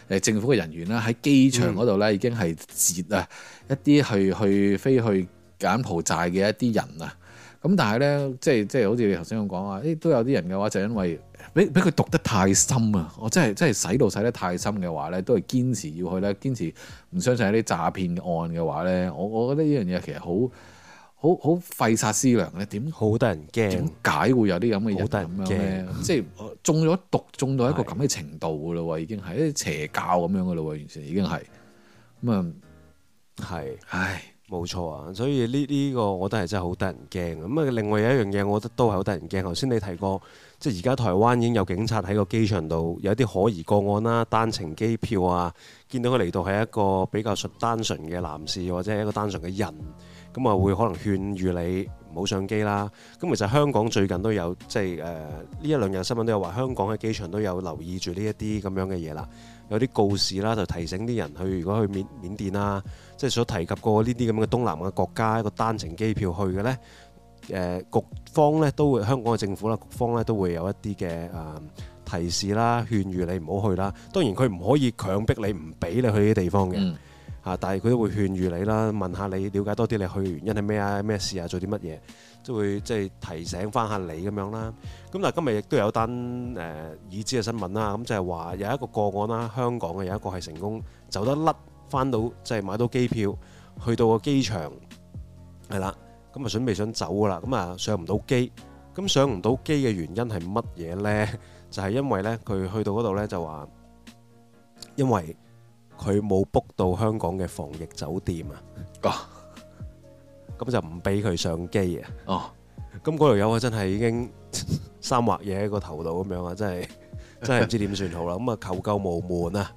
嚇，誒、啊、政府嘅人員啦，喺機場嗰度咧已經係截啊一啲去、嗯、去，去飛去柬埔寨嘅一啲人啊。咁但係咧，即係即係好似你頭先咁講話，誒都有啲人嘅話就因為。俾俾佢讀得太深啊！我真係真係洗腦洗得太深嘅話咧，都係堅持要去咧，堅持唔相信一啲詐騙案嘅話咧，我我覺得呢樣嘢其實好好好費煞思量嘅。點好得人驚？點解會有啲咁嘅嘢？人咁樣咧？即係中咗毒，中到一個咁嘅程度噶咯喎，是已經係一啲邪教咁樣噶咯喎，完全已經係咁啊！係、嗯、是唉，冇錯啊！所以呢呢、呢個我覺得係真係好得人驚咁啊！另外有一樣嘢，我覺得都係好得人驚。頭先你提過。即係而家台灣已經有警察喺個機場度，有啲可疑個案啦，單程機票啊，見到佢嚟到係一個比較純單純嘅男士，或者係一個單純嘅人，咁啊會可能勸喻你唔好上機啦。咁其實香港最近都有即係誒呢一兩日新聞都有話，香港嘅機場都有留意住呢一啲咁樣嘅嘢啦，有啲告示啦，就提醒啲人去如果去緬緬甸啦，即係所提及過呢啲咁嘅東南嘅國家一個單程機票去嘅呢。誒局方咧都會香港嘅政府啦，局方咧都會有一啲嘅誒提示啦，勸喻你唔好去啦。當然佢唔可以強迫你，唔俾你去啲地方嘅嚇，但係佢都會勸喻你啦，問下你了解多啲你去嘅原因係咩啊，咩事啊，做啲乜嘢，都會即係提醒翻下你咁樣啦。咁但係今日亦都有單誒已知嘅新聞啦，咁就係話有一個個案啦，香港嘅有一個係成功走得甩翻到，即係買到機票去到個機場係啦。咁啊，準備想走噶啦，咁啊，上唔到機。咁上唔到機嘅原因係乜嘢呢？就係因為呢，佢去到嗰度呢就話，因為佢冇 book 到香港嘅防疫酒店啊。哦。咁就唔俾佢上機啊。哦。咁嗰條友啊，真係已經三畫嘢喺個頭度咁樣啊，真係真係唔知點算好啦。咁啊，求救無門啊！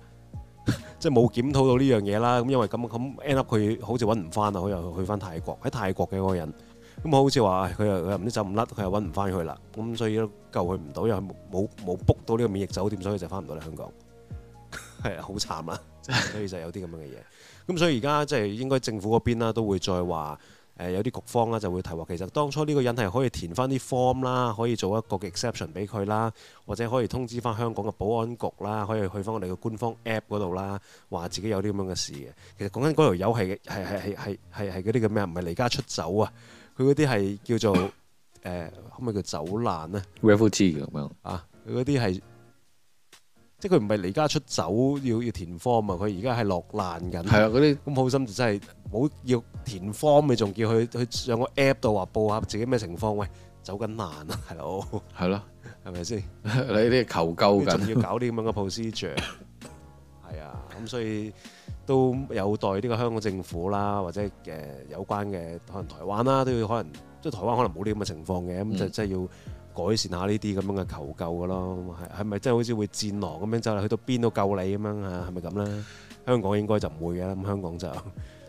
即係冇檢討到呢樣嘢啦，咁因為咁咁 end up 佢好似揾唔翻啊，佢又去翻泰國，喺泰國嘅嗰個人，咁好似話佢又佢又唔知走唔甩，佢又揾唔翻去啦，咁所以都救佢唔到，因為冇冇冇 book 到呢個免疫酒店，所以就翻唔到嚟香港，係啊，好慘啊，即係所以就有啲咁樣嘅嘢，咁 所以而家即係應該政府嗰邊啦，都會再話。誒、呃、有啲局方啦就會提話，其實當初呢個人係可以填翻啲 form 啦，可以做一個 exception 俾佢啦，或者可以通知翻香港嘅保安局啦，可以去翻我哋嘅官方 app 嗰度啦，話自己有啲咁樣嘅事嘅。其實講緊嗰條友係係係係係係嗰啲叫咩啊？唔係離家出走啊，佢嗰啲係叫做誒、 呃、可唔可以叫走難啊 Refuge 咁樣啊，佢啲係。即係佢唔係離家出走要，form、啊、要要填 form 嘛？佢而家係落難緊。係啊，嗰啲咁好心就真係冇要填 form，咪仲叫佢，去上個 app 度話報下自己咩情況？喂，走緊難啊，係咯、啊，係咯，係咪先？你呢啲求救咁，仲要搞啲咁樣嘅 procedure。係 啊，咁所以都有待呢個香港政府啦，或者誒有關嘅可能台灣啦，都要可能即台灣可能冇呢啲咁嘅情況嘅，咁就真係要。改善下呢啲咁樣嘅求救㗎囉，係係咪真係好似會戰狼咁樣走嚟、就是、去到邊度救你咁樣啊？係咪咁啦？香港應該就唔會嘅，咁香港就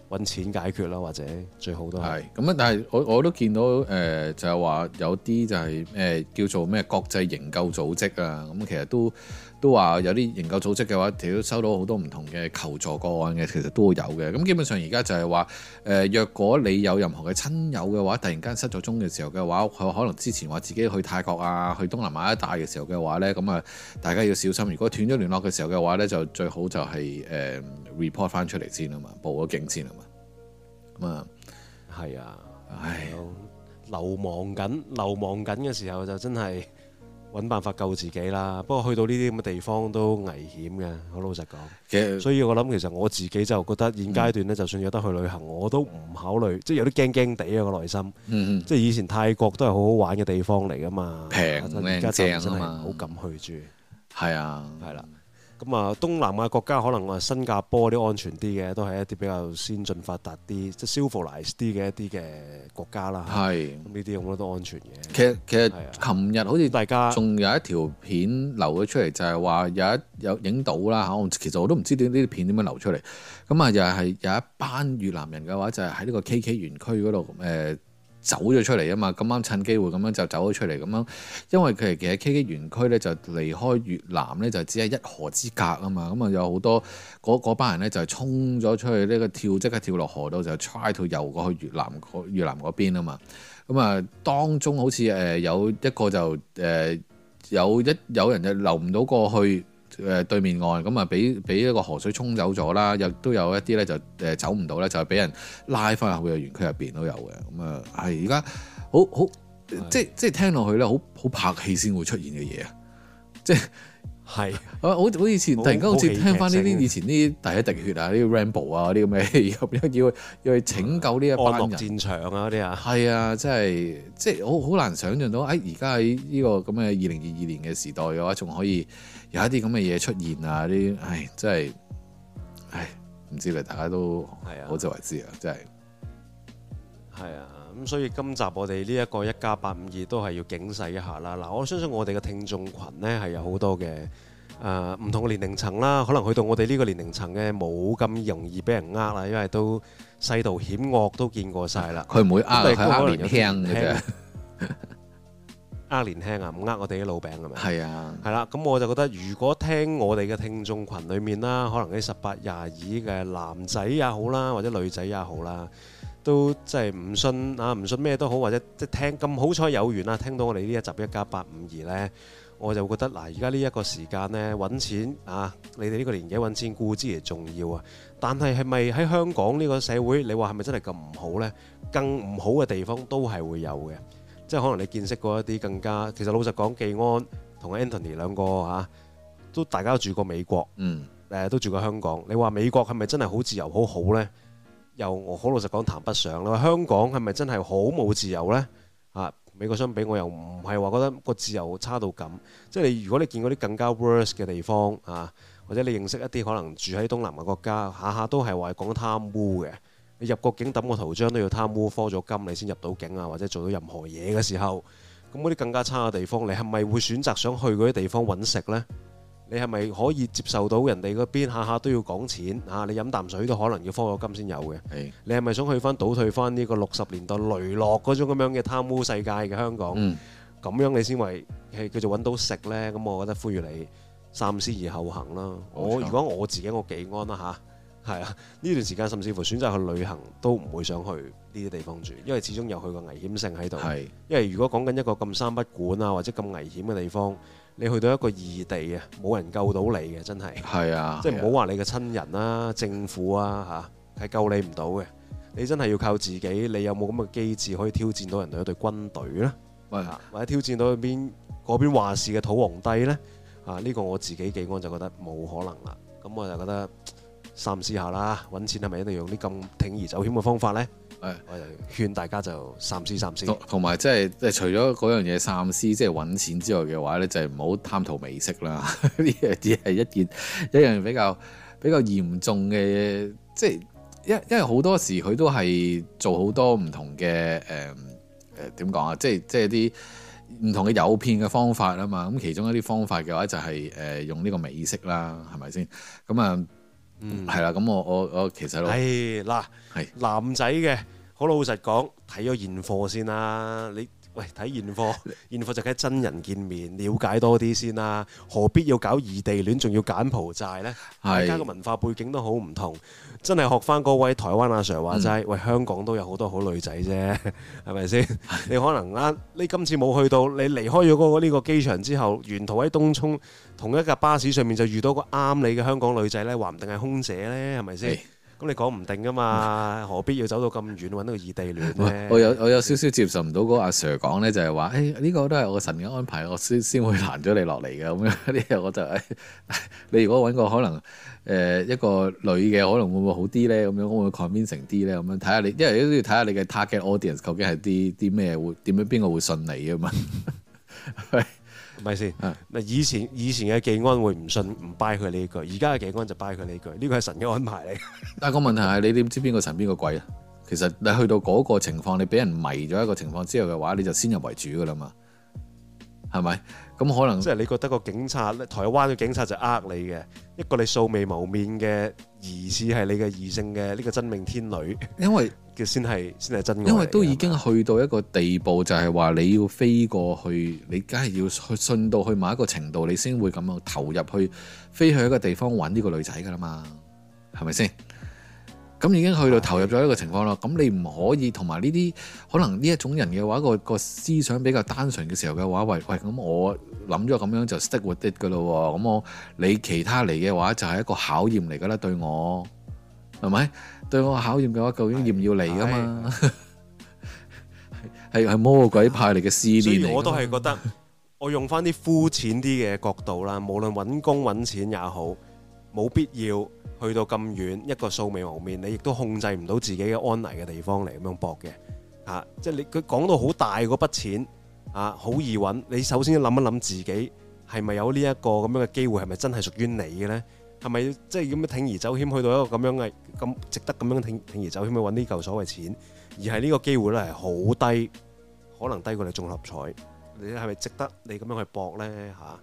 揾錢解決啦，或者最好都係。係咁啊！但係我我都見到誒、呃，就係話有啲就係、是、誒、呃、叫做咩國際營救組織啊，咁、嗯、其實都。都話有啲研究組織嘅話，亦都收到好多唔同嘅求助個案嘅，其實都會有嘅。咁基本上而家就係話，誒、呃，若果你有任何嘅親友嘅話，突然間失咗蹤嘅時候嘅話，佢可能之前話自己去泰國啊，去東南亞一帶嘅時候嘅話呢。咁啊，大家要小心。如果斷咗聯絡嘅時候嘅話呢，就最好就係誒 report 翻出嚟先啊嘛，報咗警先啊嘛。咁啊，係啊唉，唉，流亡緊，流亡緊嘅時候就真係～搵辦法救自己啦，不過去到呢啲咁嘅地方都危險嘅，好老實講。其實所以我諗其實我自己就覺得現階段咧，嗯、就算有得去旅行，我都唔考慮，即係有啲驚驚地啊個內心。嗯、即係以前泰國都係好好玩嘅地方嚟㗎嘛，平咧正啊嘛，唔好咁去住。係啊。係啦。咁啊，東南亞國家可能話新加坡啲安全啲嘅，都係一啲比較先進發達啲，即係 c i v l i s ecivilised 啲嘅一啲嘅國家啦。係是，呢啲有冇得多安全嘅？其實其實琴日好似大家仲有一條片流咗出嚟，就係話有一有影到啦嚇。其實我都唔知啲呢啲片點樣流出嚟。咁啊又係有一班越南人嘅話，就係喺呢個 KK 園區嗰度誒。呃走咗出嚟啊嘛，咁啱趁機會咁樣就走咗出嚟咁樣，因為佢哋其實 K K 園區咧就離開越南咧就只係一河之隔啊嘛，咁、嗯、啊有好多嗰班人咧就係衝咗出去呢個跳即刻跳落河度就 try to 游過去越南嗰越南嗰邊啊嘛，咁、嗯、啊當中好似誒、呃、有一個就誒、呃、有一有人就流唔到過去。誒對面岸咁啊，俾俾一個河水沖走咗啦，又都有一啲咧就誒走唔到咧，就係俾人拉翻入去個園區入邊都有嘅。咁啊，係而家好好即係即係聽落去咧，好好拍戲先會出現嘅嘢啊！即係係，我我以前突然間好似聽翻呢啲以前呢啲第一滴血啊，呢個 Rambo 啊嗰啲咁嘅，然後要要去拯救呢一班人戰場啊嗰啲啊，係啊，即係即係好好難想像到誒而家喺呢個咁嘅二零二二年嘅時代嘅話，仲可以。有一啲咁嘅嘢出現啊！啲唉，真係唉，唔知咪大家都好自為之啊！真係係啊！咁所以今集我哋呢一個一加八五二都係要警示一下啦。嗱，我相信我哋嘅聽眾群呢係有好多嘅誒唔同嘅年齡層啦，可能去到我哋呢個年齡層嘅冇咁容易俾人呃啦，因為都世道險惡都見過晒啦。佢唔會呃佢年輕呃年輕啊，唔呃我哋啲老餅係咪？係是啊，啊，係啦，咁我就覺得，如果聽我哋嘅聽眾群裡面啦，可能啲十八廿二嘅男仔也好啦，或者女仔也好啦，都真係唔信啊，唔信咩都好，或者即係聽咁好彩有緣啊，聽到我哋呢一集一家八五二呢，我就覺得嗱，而家呢一個時間呢，揾錢啊，你哋呢個年紀揾錢固之然重要啊，但係係咪喺香港呢個社會，你話係咪真係咁唔好呢？更唔好嘅地方都係會有嘅。即係可能你見識過一啲更加，其實老實講，紀安同 Anthony 兩個嚇、啊，都大家都住過美國，誒、啊、都住過香港。你話美國係咪真係好自由好好呢？又我好老實講，談不上啦。你話香港係咪真係好冇自由呢？啊，美國相比我又唔係話覺得個自由差到咁。即係你如果你見過啲更加 worse 嘅地方啊，或者你認識一啲可能住喺東南亞國家，下下都係話講貪污嘅。你入個境抌個圖章都要貪污科咗金，你先入到境啊，或者做到任何嘢嘅時候，咁嗰啲更加差嘅地方，你係咪會選擇想去嗰啲地方揾食呢？你係咪可以接受到人哋嗰邊下下都要講錢啊？你飲啖水都可能要科咗金先有嘅。你係咪想去翻倒退翻呢個六十年代雷洛嗰種咁樣嘅貪污世界嘅香港？咁樣你先為係叫做揾到食呢？咁我覺得呼籲你三思而後行啦。我如果我自己我幾安啦嚇。係啊！呢段時間，甚至乎選擇去旅行都唔會想去呢啲地方住，因為始終有佢個危險性喺度。係啊，因為如果講緊一個咁三不管啊，或者咁危險嘅地方，你去到一個異地啊，冇人救到你嘅，真係係啊！即係唔好話你嘅親人啊、政府啊嚇，係救你唔到嘅。你真係要靠自己。你有冇咁嘅機智可以挑戰到人哋一隊軍隊咧？係啊，或者挑戰到邊嗰邊話事嘅土皇帝呢？啊，呢、這個我自己幾安就覺得冇可能啦。咁我就覺得。三思下啦，揾錢係咪一定要用啲咁鋌而走險嘅方法咧？誒、哎，我就勸大家就三思三思。同埋即係誒，除咗嗰樣嘢三思，即係揾錢之外嘅話咧，就係唔好貪圖美色啦。呢個只係一件一樣比較比較嚴重嘅，即係因因為好多時佢都係做好多唔同嘅誒誒點講啊，即係即係啲唔同嘅誘騙嘅方法啊嘛。咁其中一啲方法嘅話、就係，就係誒用呢個美色啦，係咪先？咁啊～嗯，係啦，咁我我我其實都係嗱，哎、的男仔嘅，好老實講，睇咗現貨先啦、啊。你喂睇現貨， 現貨就嘅真人見面，了解多啲先啦、啊。何必要搞異地戀，仲要柬埔寨呢？大家個文化背景都好唔同。真係學翻嗰位台灣阿 Sir 話齋，嗯、喂香港都有好多好女仔啫，係咪先？ 你可能啱，你今次冇去到，你離開咗嗰個呢個機場之後，沿途喺東涌同一架巴士上面就遇到個啱你嘅香港女仔呢，話唔定係空姐呢，係咪先？咁、哎、你講唔定噶嘛，嗯、何必要走到咁遠揾到異地戀。我有我有，我有少少接受唔到嗰阿 Sir 講呢，就係、是、話，誒、哎、呢、呢個都係我嘅神嘅安排，我先先會攔咗你落嚟嘅咁樣。呢個我就你如果揾個，果個可能。誒、呃、一個女嘅可能會，會好啲咧，咁樣會，會 convince 成啲咧，咁樣睇下你，因為都要睇下你嘅 target audience 究竟係啲啲咩，會點樣邊個會信你啊嘛？係咪先？以前以前嘅技安會唔信唔 buy 佢呢句，而家嘅技安就 buy 佢呢句，呢個係神嘅安排嚟。 但係個問題係你點知邊個神邊個鬼啊？其實你去到嗰個情況，你俾人迷咗一個情況之後嘅話，你就先入為主噶啦嘛，係咪？咁可能即係你覺得個警察、台灣嘅警察就呃你嘅一個你素未謀面嘅疑似係你嘅異性嘅呢個真命天女，因為叫先係先係真嘅。因為都已經去到一個地步，就係話你要飛過去，你梗係要去信到去某一個程度，你先會咁樣投入去飛去一個地方揾呢個女仔㗎啦嘛，係咪先？咁已經去到投入咗一個情況咯，咁的你唔可以同埋呢啲可能呢一種人嘅話，個、個思想比較單純嘅時候嘅話，喂喂，咁我諗咗咁樣就 stick with it 嘅咯喎，咁我你其他嚟嘅話就係、係、一個考驗嚟噶啦，對我係咪對,對我考驗嘅話，究竟要唔要嚟噶嘛？係係的 魔鬼派嚟嘅試煉嚟。我都係覺得， 我用翻啲膚淺啲嘅角度啦，無論揾工揾錢也好。冇必要去到咁遠，一個素未謀面，你亦都控制唔到自己嘅安危嘅地方嚟咁樣搏嘅，啊！即係你佢講到好大嗰筆錢，啊好易揾，你首先諗一諗自己係咪有呢、這、一個咁樣嘅機會，係咪真係屬於你嘅呢？係咪即係咁樣鋌而，而走險去到一個咁樣嘅咁值得咁樣鋌而走險去揾呢嚿所謂錢？而係呢個機會咧係好低，可能低過你中六合彩，你係咪值得你咁樣去搏呢？嚇、啊！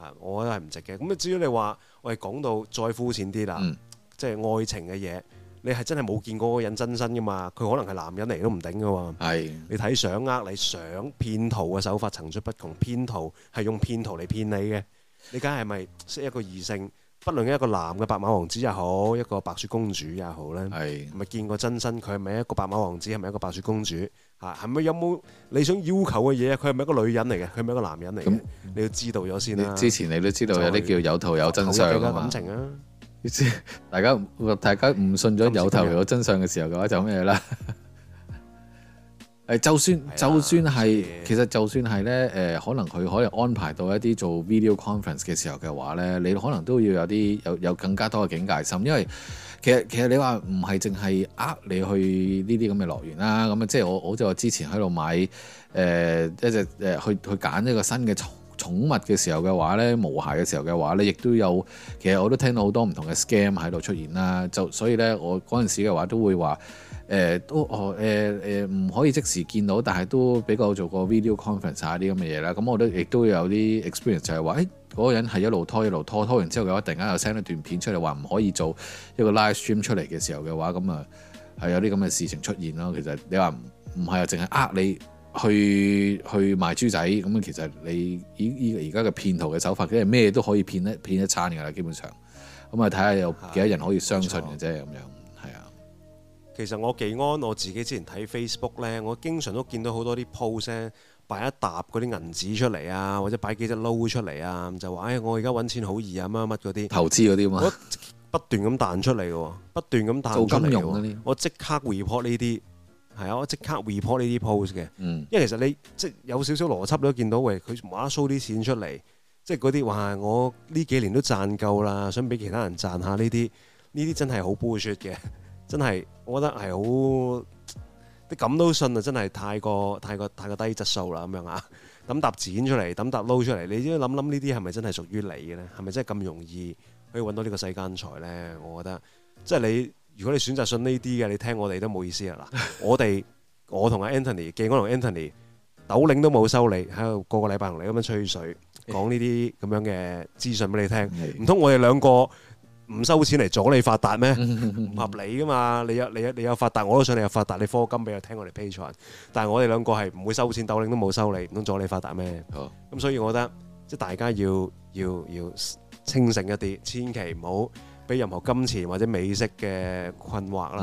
啊！我都係唔值嘅。咁至於你話，我哋講到再膚淺啲啦，嗯、即係愛情嘅嘢，你係真係冇見過嗰個人真身噶嘛？佢可能係男人嚟都唔頂噶喎。係。你睇相呃，你想騙徒嘅手法層出不窮，騙徒係用騙徒嚟騙你嘅。你梗係咪識一個異性？不論一個男嘅白馬王子又好，一個白雪公主又好咧，唔係見過真身，佢係咪一個白馬王子？係咪一個白雪公主？啊，係咪有冇你想要求嘅嘢？佢係咪一個女人嚟嘅？佢係咪一個男人嚟嘅？咁你要知道咗先啦。之前你都知道有啲叫有圖有真相嘅感情啊！ 大家大家唔信咗有圖有真相嘅時候嘅話就，就咩啦？ 誒，就算就算係，的其實就算係咧，誒、呃，可能佢可以安排到一啲做 video conference 嘅時候嘅話咧，你可能都要有啲有有更加多嘅警戒心，因為其實其實你話唔係淨係呃你去呢啲咁嘅樂園啦，咁啊即係我我就之前喺度買誒、呃、一隻誒、呃、去去揀一個新嘅寵物嘅時候嘅話呢，無鞋嘅時候嘅話呢，亦都有。其實我都聽到好多唔同嘅 scam 喺度出現啦。就所以呢，我嗰陣時嘅話都會話，誒、呃、都哦誒誒，唔、呃呃呃、可以即時見到，但係都比較做個 video conference 啊啲咁嘅嘢啦。咁我都亦都有啲 experience 就係話，誒嗰個人係一路拖一路拖，拖完之後嘅話，突然間又 send 一段片出嚟，話唔可以做一個 live stream 出嚟嘅時候嘅話，咁啊係有啲咁嘅事情出現咯。其實你話唔唔係啊，淨係呃你。去去賣豬仔，咁其實你依依而家嘅騙徒嘅手法，佢係咩都可以騙一騙一餐噶啦，基本上。咁啊，睇下有幾多人可以相信嘅啫，咁樣。係啊。其實我忌安我自己之前睇 Facebook 咧，我經常都見到好多啲 post 咧，擺一沓嗰啲銀紙出嚟啊，或者擺幾隻 note 出嚟啊，就話：哎，我而家揾錢好易啊，乜乜嗰啲投資嗰啲嘛。不斷咁彈出嚟嘅喎，不斷咁彈出嚟做金融嗰啲，我即刻 report 呢啲。係啊，我即刻 report 呢啲 post 嘅，嗯，因為其實你即係有少少邏輯都見到，喂，佢無啦啦 show 啲錢出嚟，即係嗰啲話我呢幾年都賺夠啦，想俾其他人賺下呢啲，呢啲真係好 bullshit 嘅，真係我覺得係好，你咁都信啊，真係太過太過太過低質素啦，咁樣啊，抌沓錢出嚟，抌沓撈出嚟，你都諗諗呢啲係咪真係屬於你嘅咧？係咪真係咁容易可以揾到呢個世間財咧？我覺得即係你。如果你選擇信呢啲嘅，你聽我哋都冇意思啦。嗱，我哋我同阿 Anthony，記哥同 Anthony，豆領都冇收你，喺度個個禮拜同你咁樣吹水，講呢啲咁樣嘅資訊俾你聽。唔通我哋兩個唔收錢嚟阻你發達咩？唔合理㗎嘛！你有你有你有發達，我都想你有發達。你課金俾我聽我哋 Patreon，但係我哋兩個係唔會收錢，豆領都冇收你，唔通阻你發達咩？咁所以，我覺得即係大家要要要清醒一啲，千祈唔好。俾任何金錢或者美色嘅困惑啦，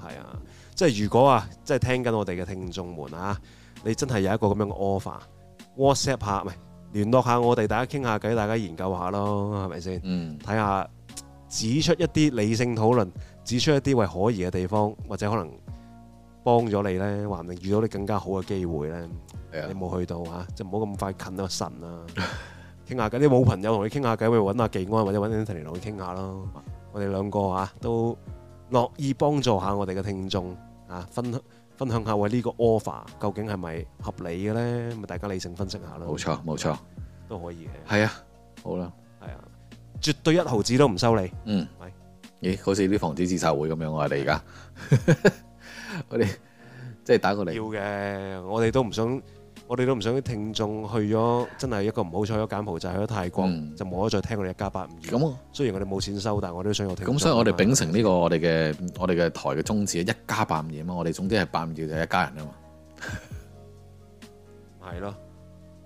係、嗯、啊，即係如果啊，即係聽緊我哋嘅聽眾們啊，你真係有一個咁樣嘅 offer，WhatsApp 下，唔係聯絡下我哋，大家傾下偈，大家研究下咯，係咪先？嗯，睇下指出一啲理性討論，指出一啲為可疑嘅地方，或者可能幫咗你呢，或你遇到你更加好嘅機會呢。啊、你冇去到啊，就唔好咁快近到神啊！ 傾下偈，你冇朋友同你傾下偈，咪揾阿技安或者揾阿譚連龍傾下咯。我哋兩個啊，都樂意幫助下我哋嘅聽眾啊，分分享下喂，呢個 offer 究竟係咪合理嘅咧？咪大家理性分析下咯。冇錯，冇錯，都可以嘅。係啊，好啦，係啊，絕對一毫子都唔收你。嗯，咪咦？好似啲防止自殺會咁樣，我哋而家我哋即係打過嚟。要嘅，我哋都唔想。我哋都唔想啲聽眾去咗，真係一個唔好彩，去咗柬埔寨，去咗泰國，嗯、就冇得再聽我哋一家八五二。咁雖然我哋冇錢收，但係我都想有聽眾咁、嗯嗯、所以我哋秉承呢、呢個嗎我哋嘅我哋嘅台嘅宗旨，一家八唔完嘛。我哋總之係八唔完就係、一家人啊嘛。係 咯，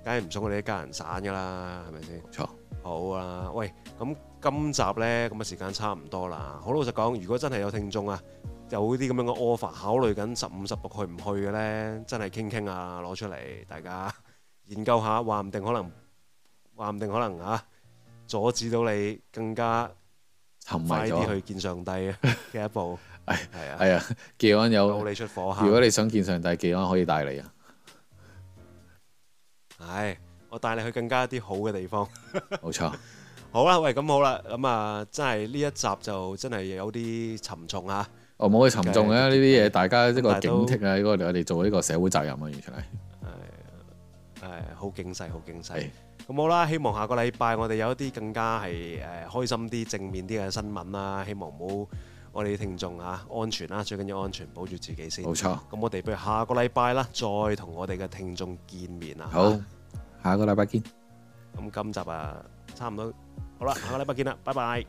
梗係唔想我哋一家人散㗎啦，係咪先？冇錯。好啊，喂，咁今集呢，咁嘅時間差唔多啦。好老實講，如果真係有聽眾啊～有啲咁樣嘅 offer，考慮緊十五十六去唔去嘅呢？真係傾傾啊，攞出嚟大家研究下，話唔定可能話唔定可能嚇、啊，阻止到你更加行快啲去見上帝嘅一步。係係啊，係啊的，記安的有，出火如果你想見上帝，記安可以帶你啊。唉，我帶你去更加一啲好嘅地方。冇錯， 好啦，喂，咁好啦，咁啊，真係呢一集就真係有啲沉重啊。我唔好去沉重啊，呢啲嘢，大家一個警惕啊！呢個我哋做呢個社會責任啊，完全係係係好警世，好警世。咁好啦，希望下個禮拜我哋有一啲更加係誒開心啲、正面啲嘅新聞啦。希望唔好我哋啲聽眾啊，安全啦，最緊要安全，保住自己先。冇錯，咁我哋不如下個禮拜啦，再同我哋嘅聽眾見面啊！好，下個禮拜見。咁今集啊，差唔多好啦，下個禮拜見啊，拜拜。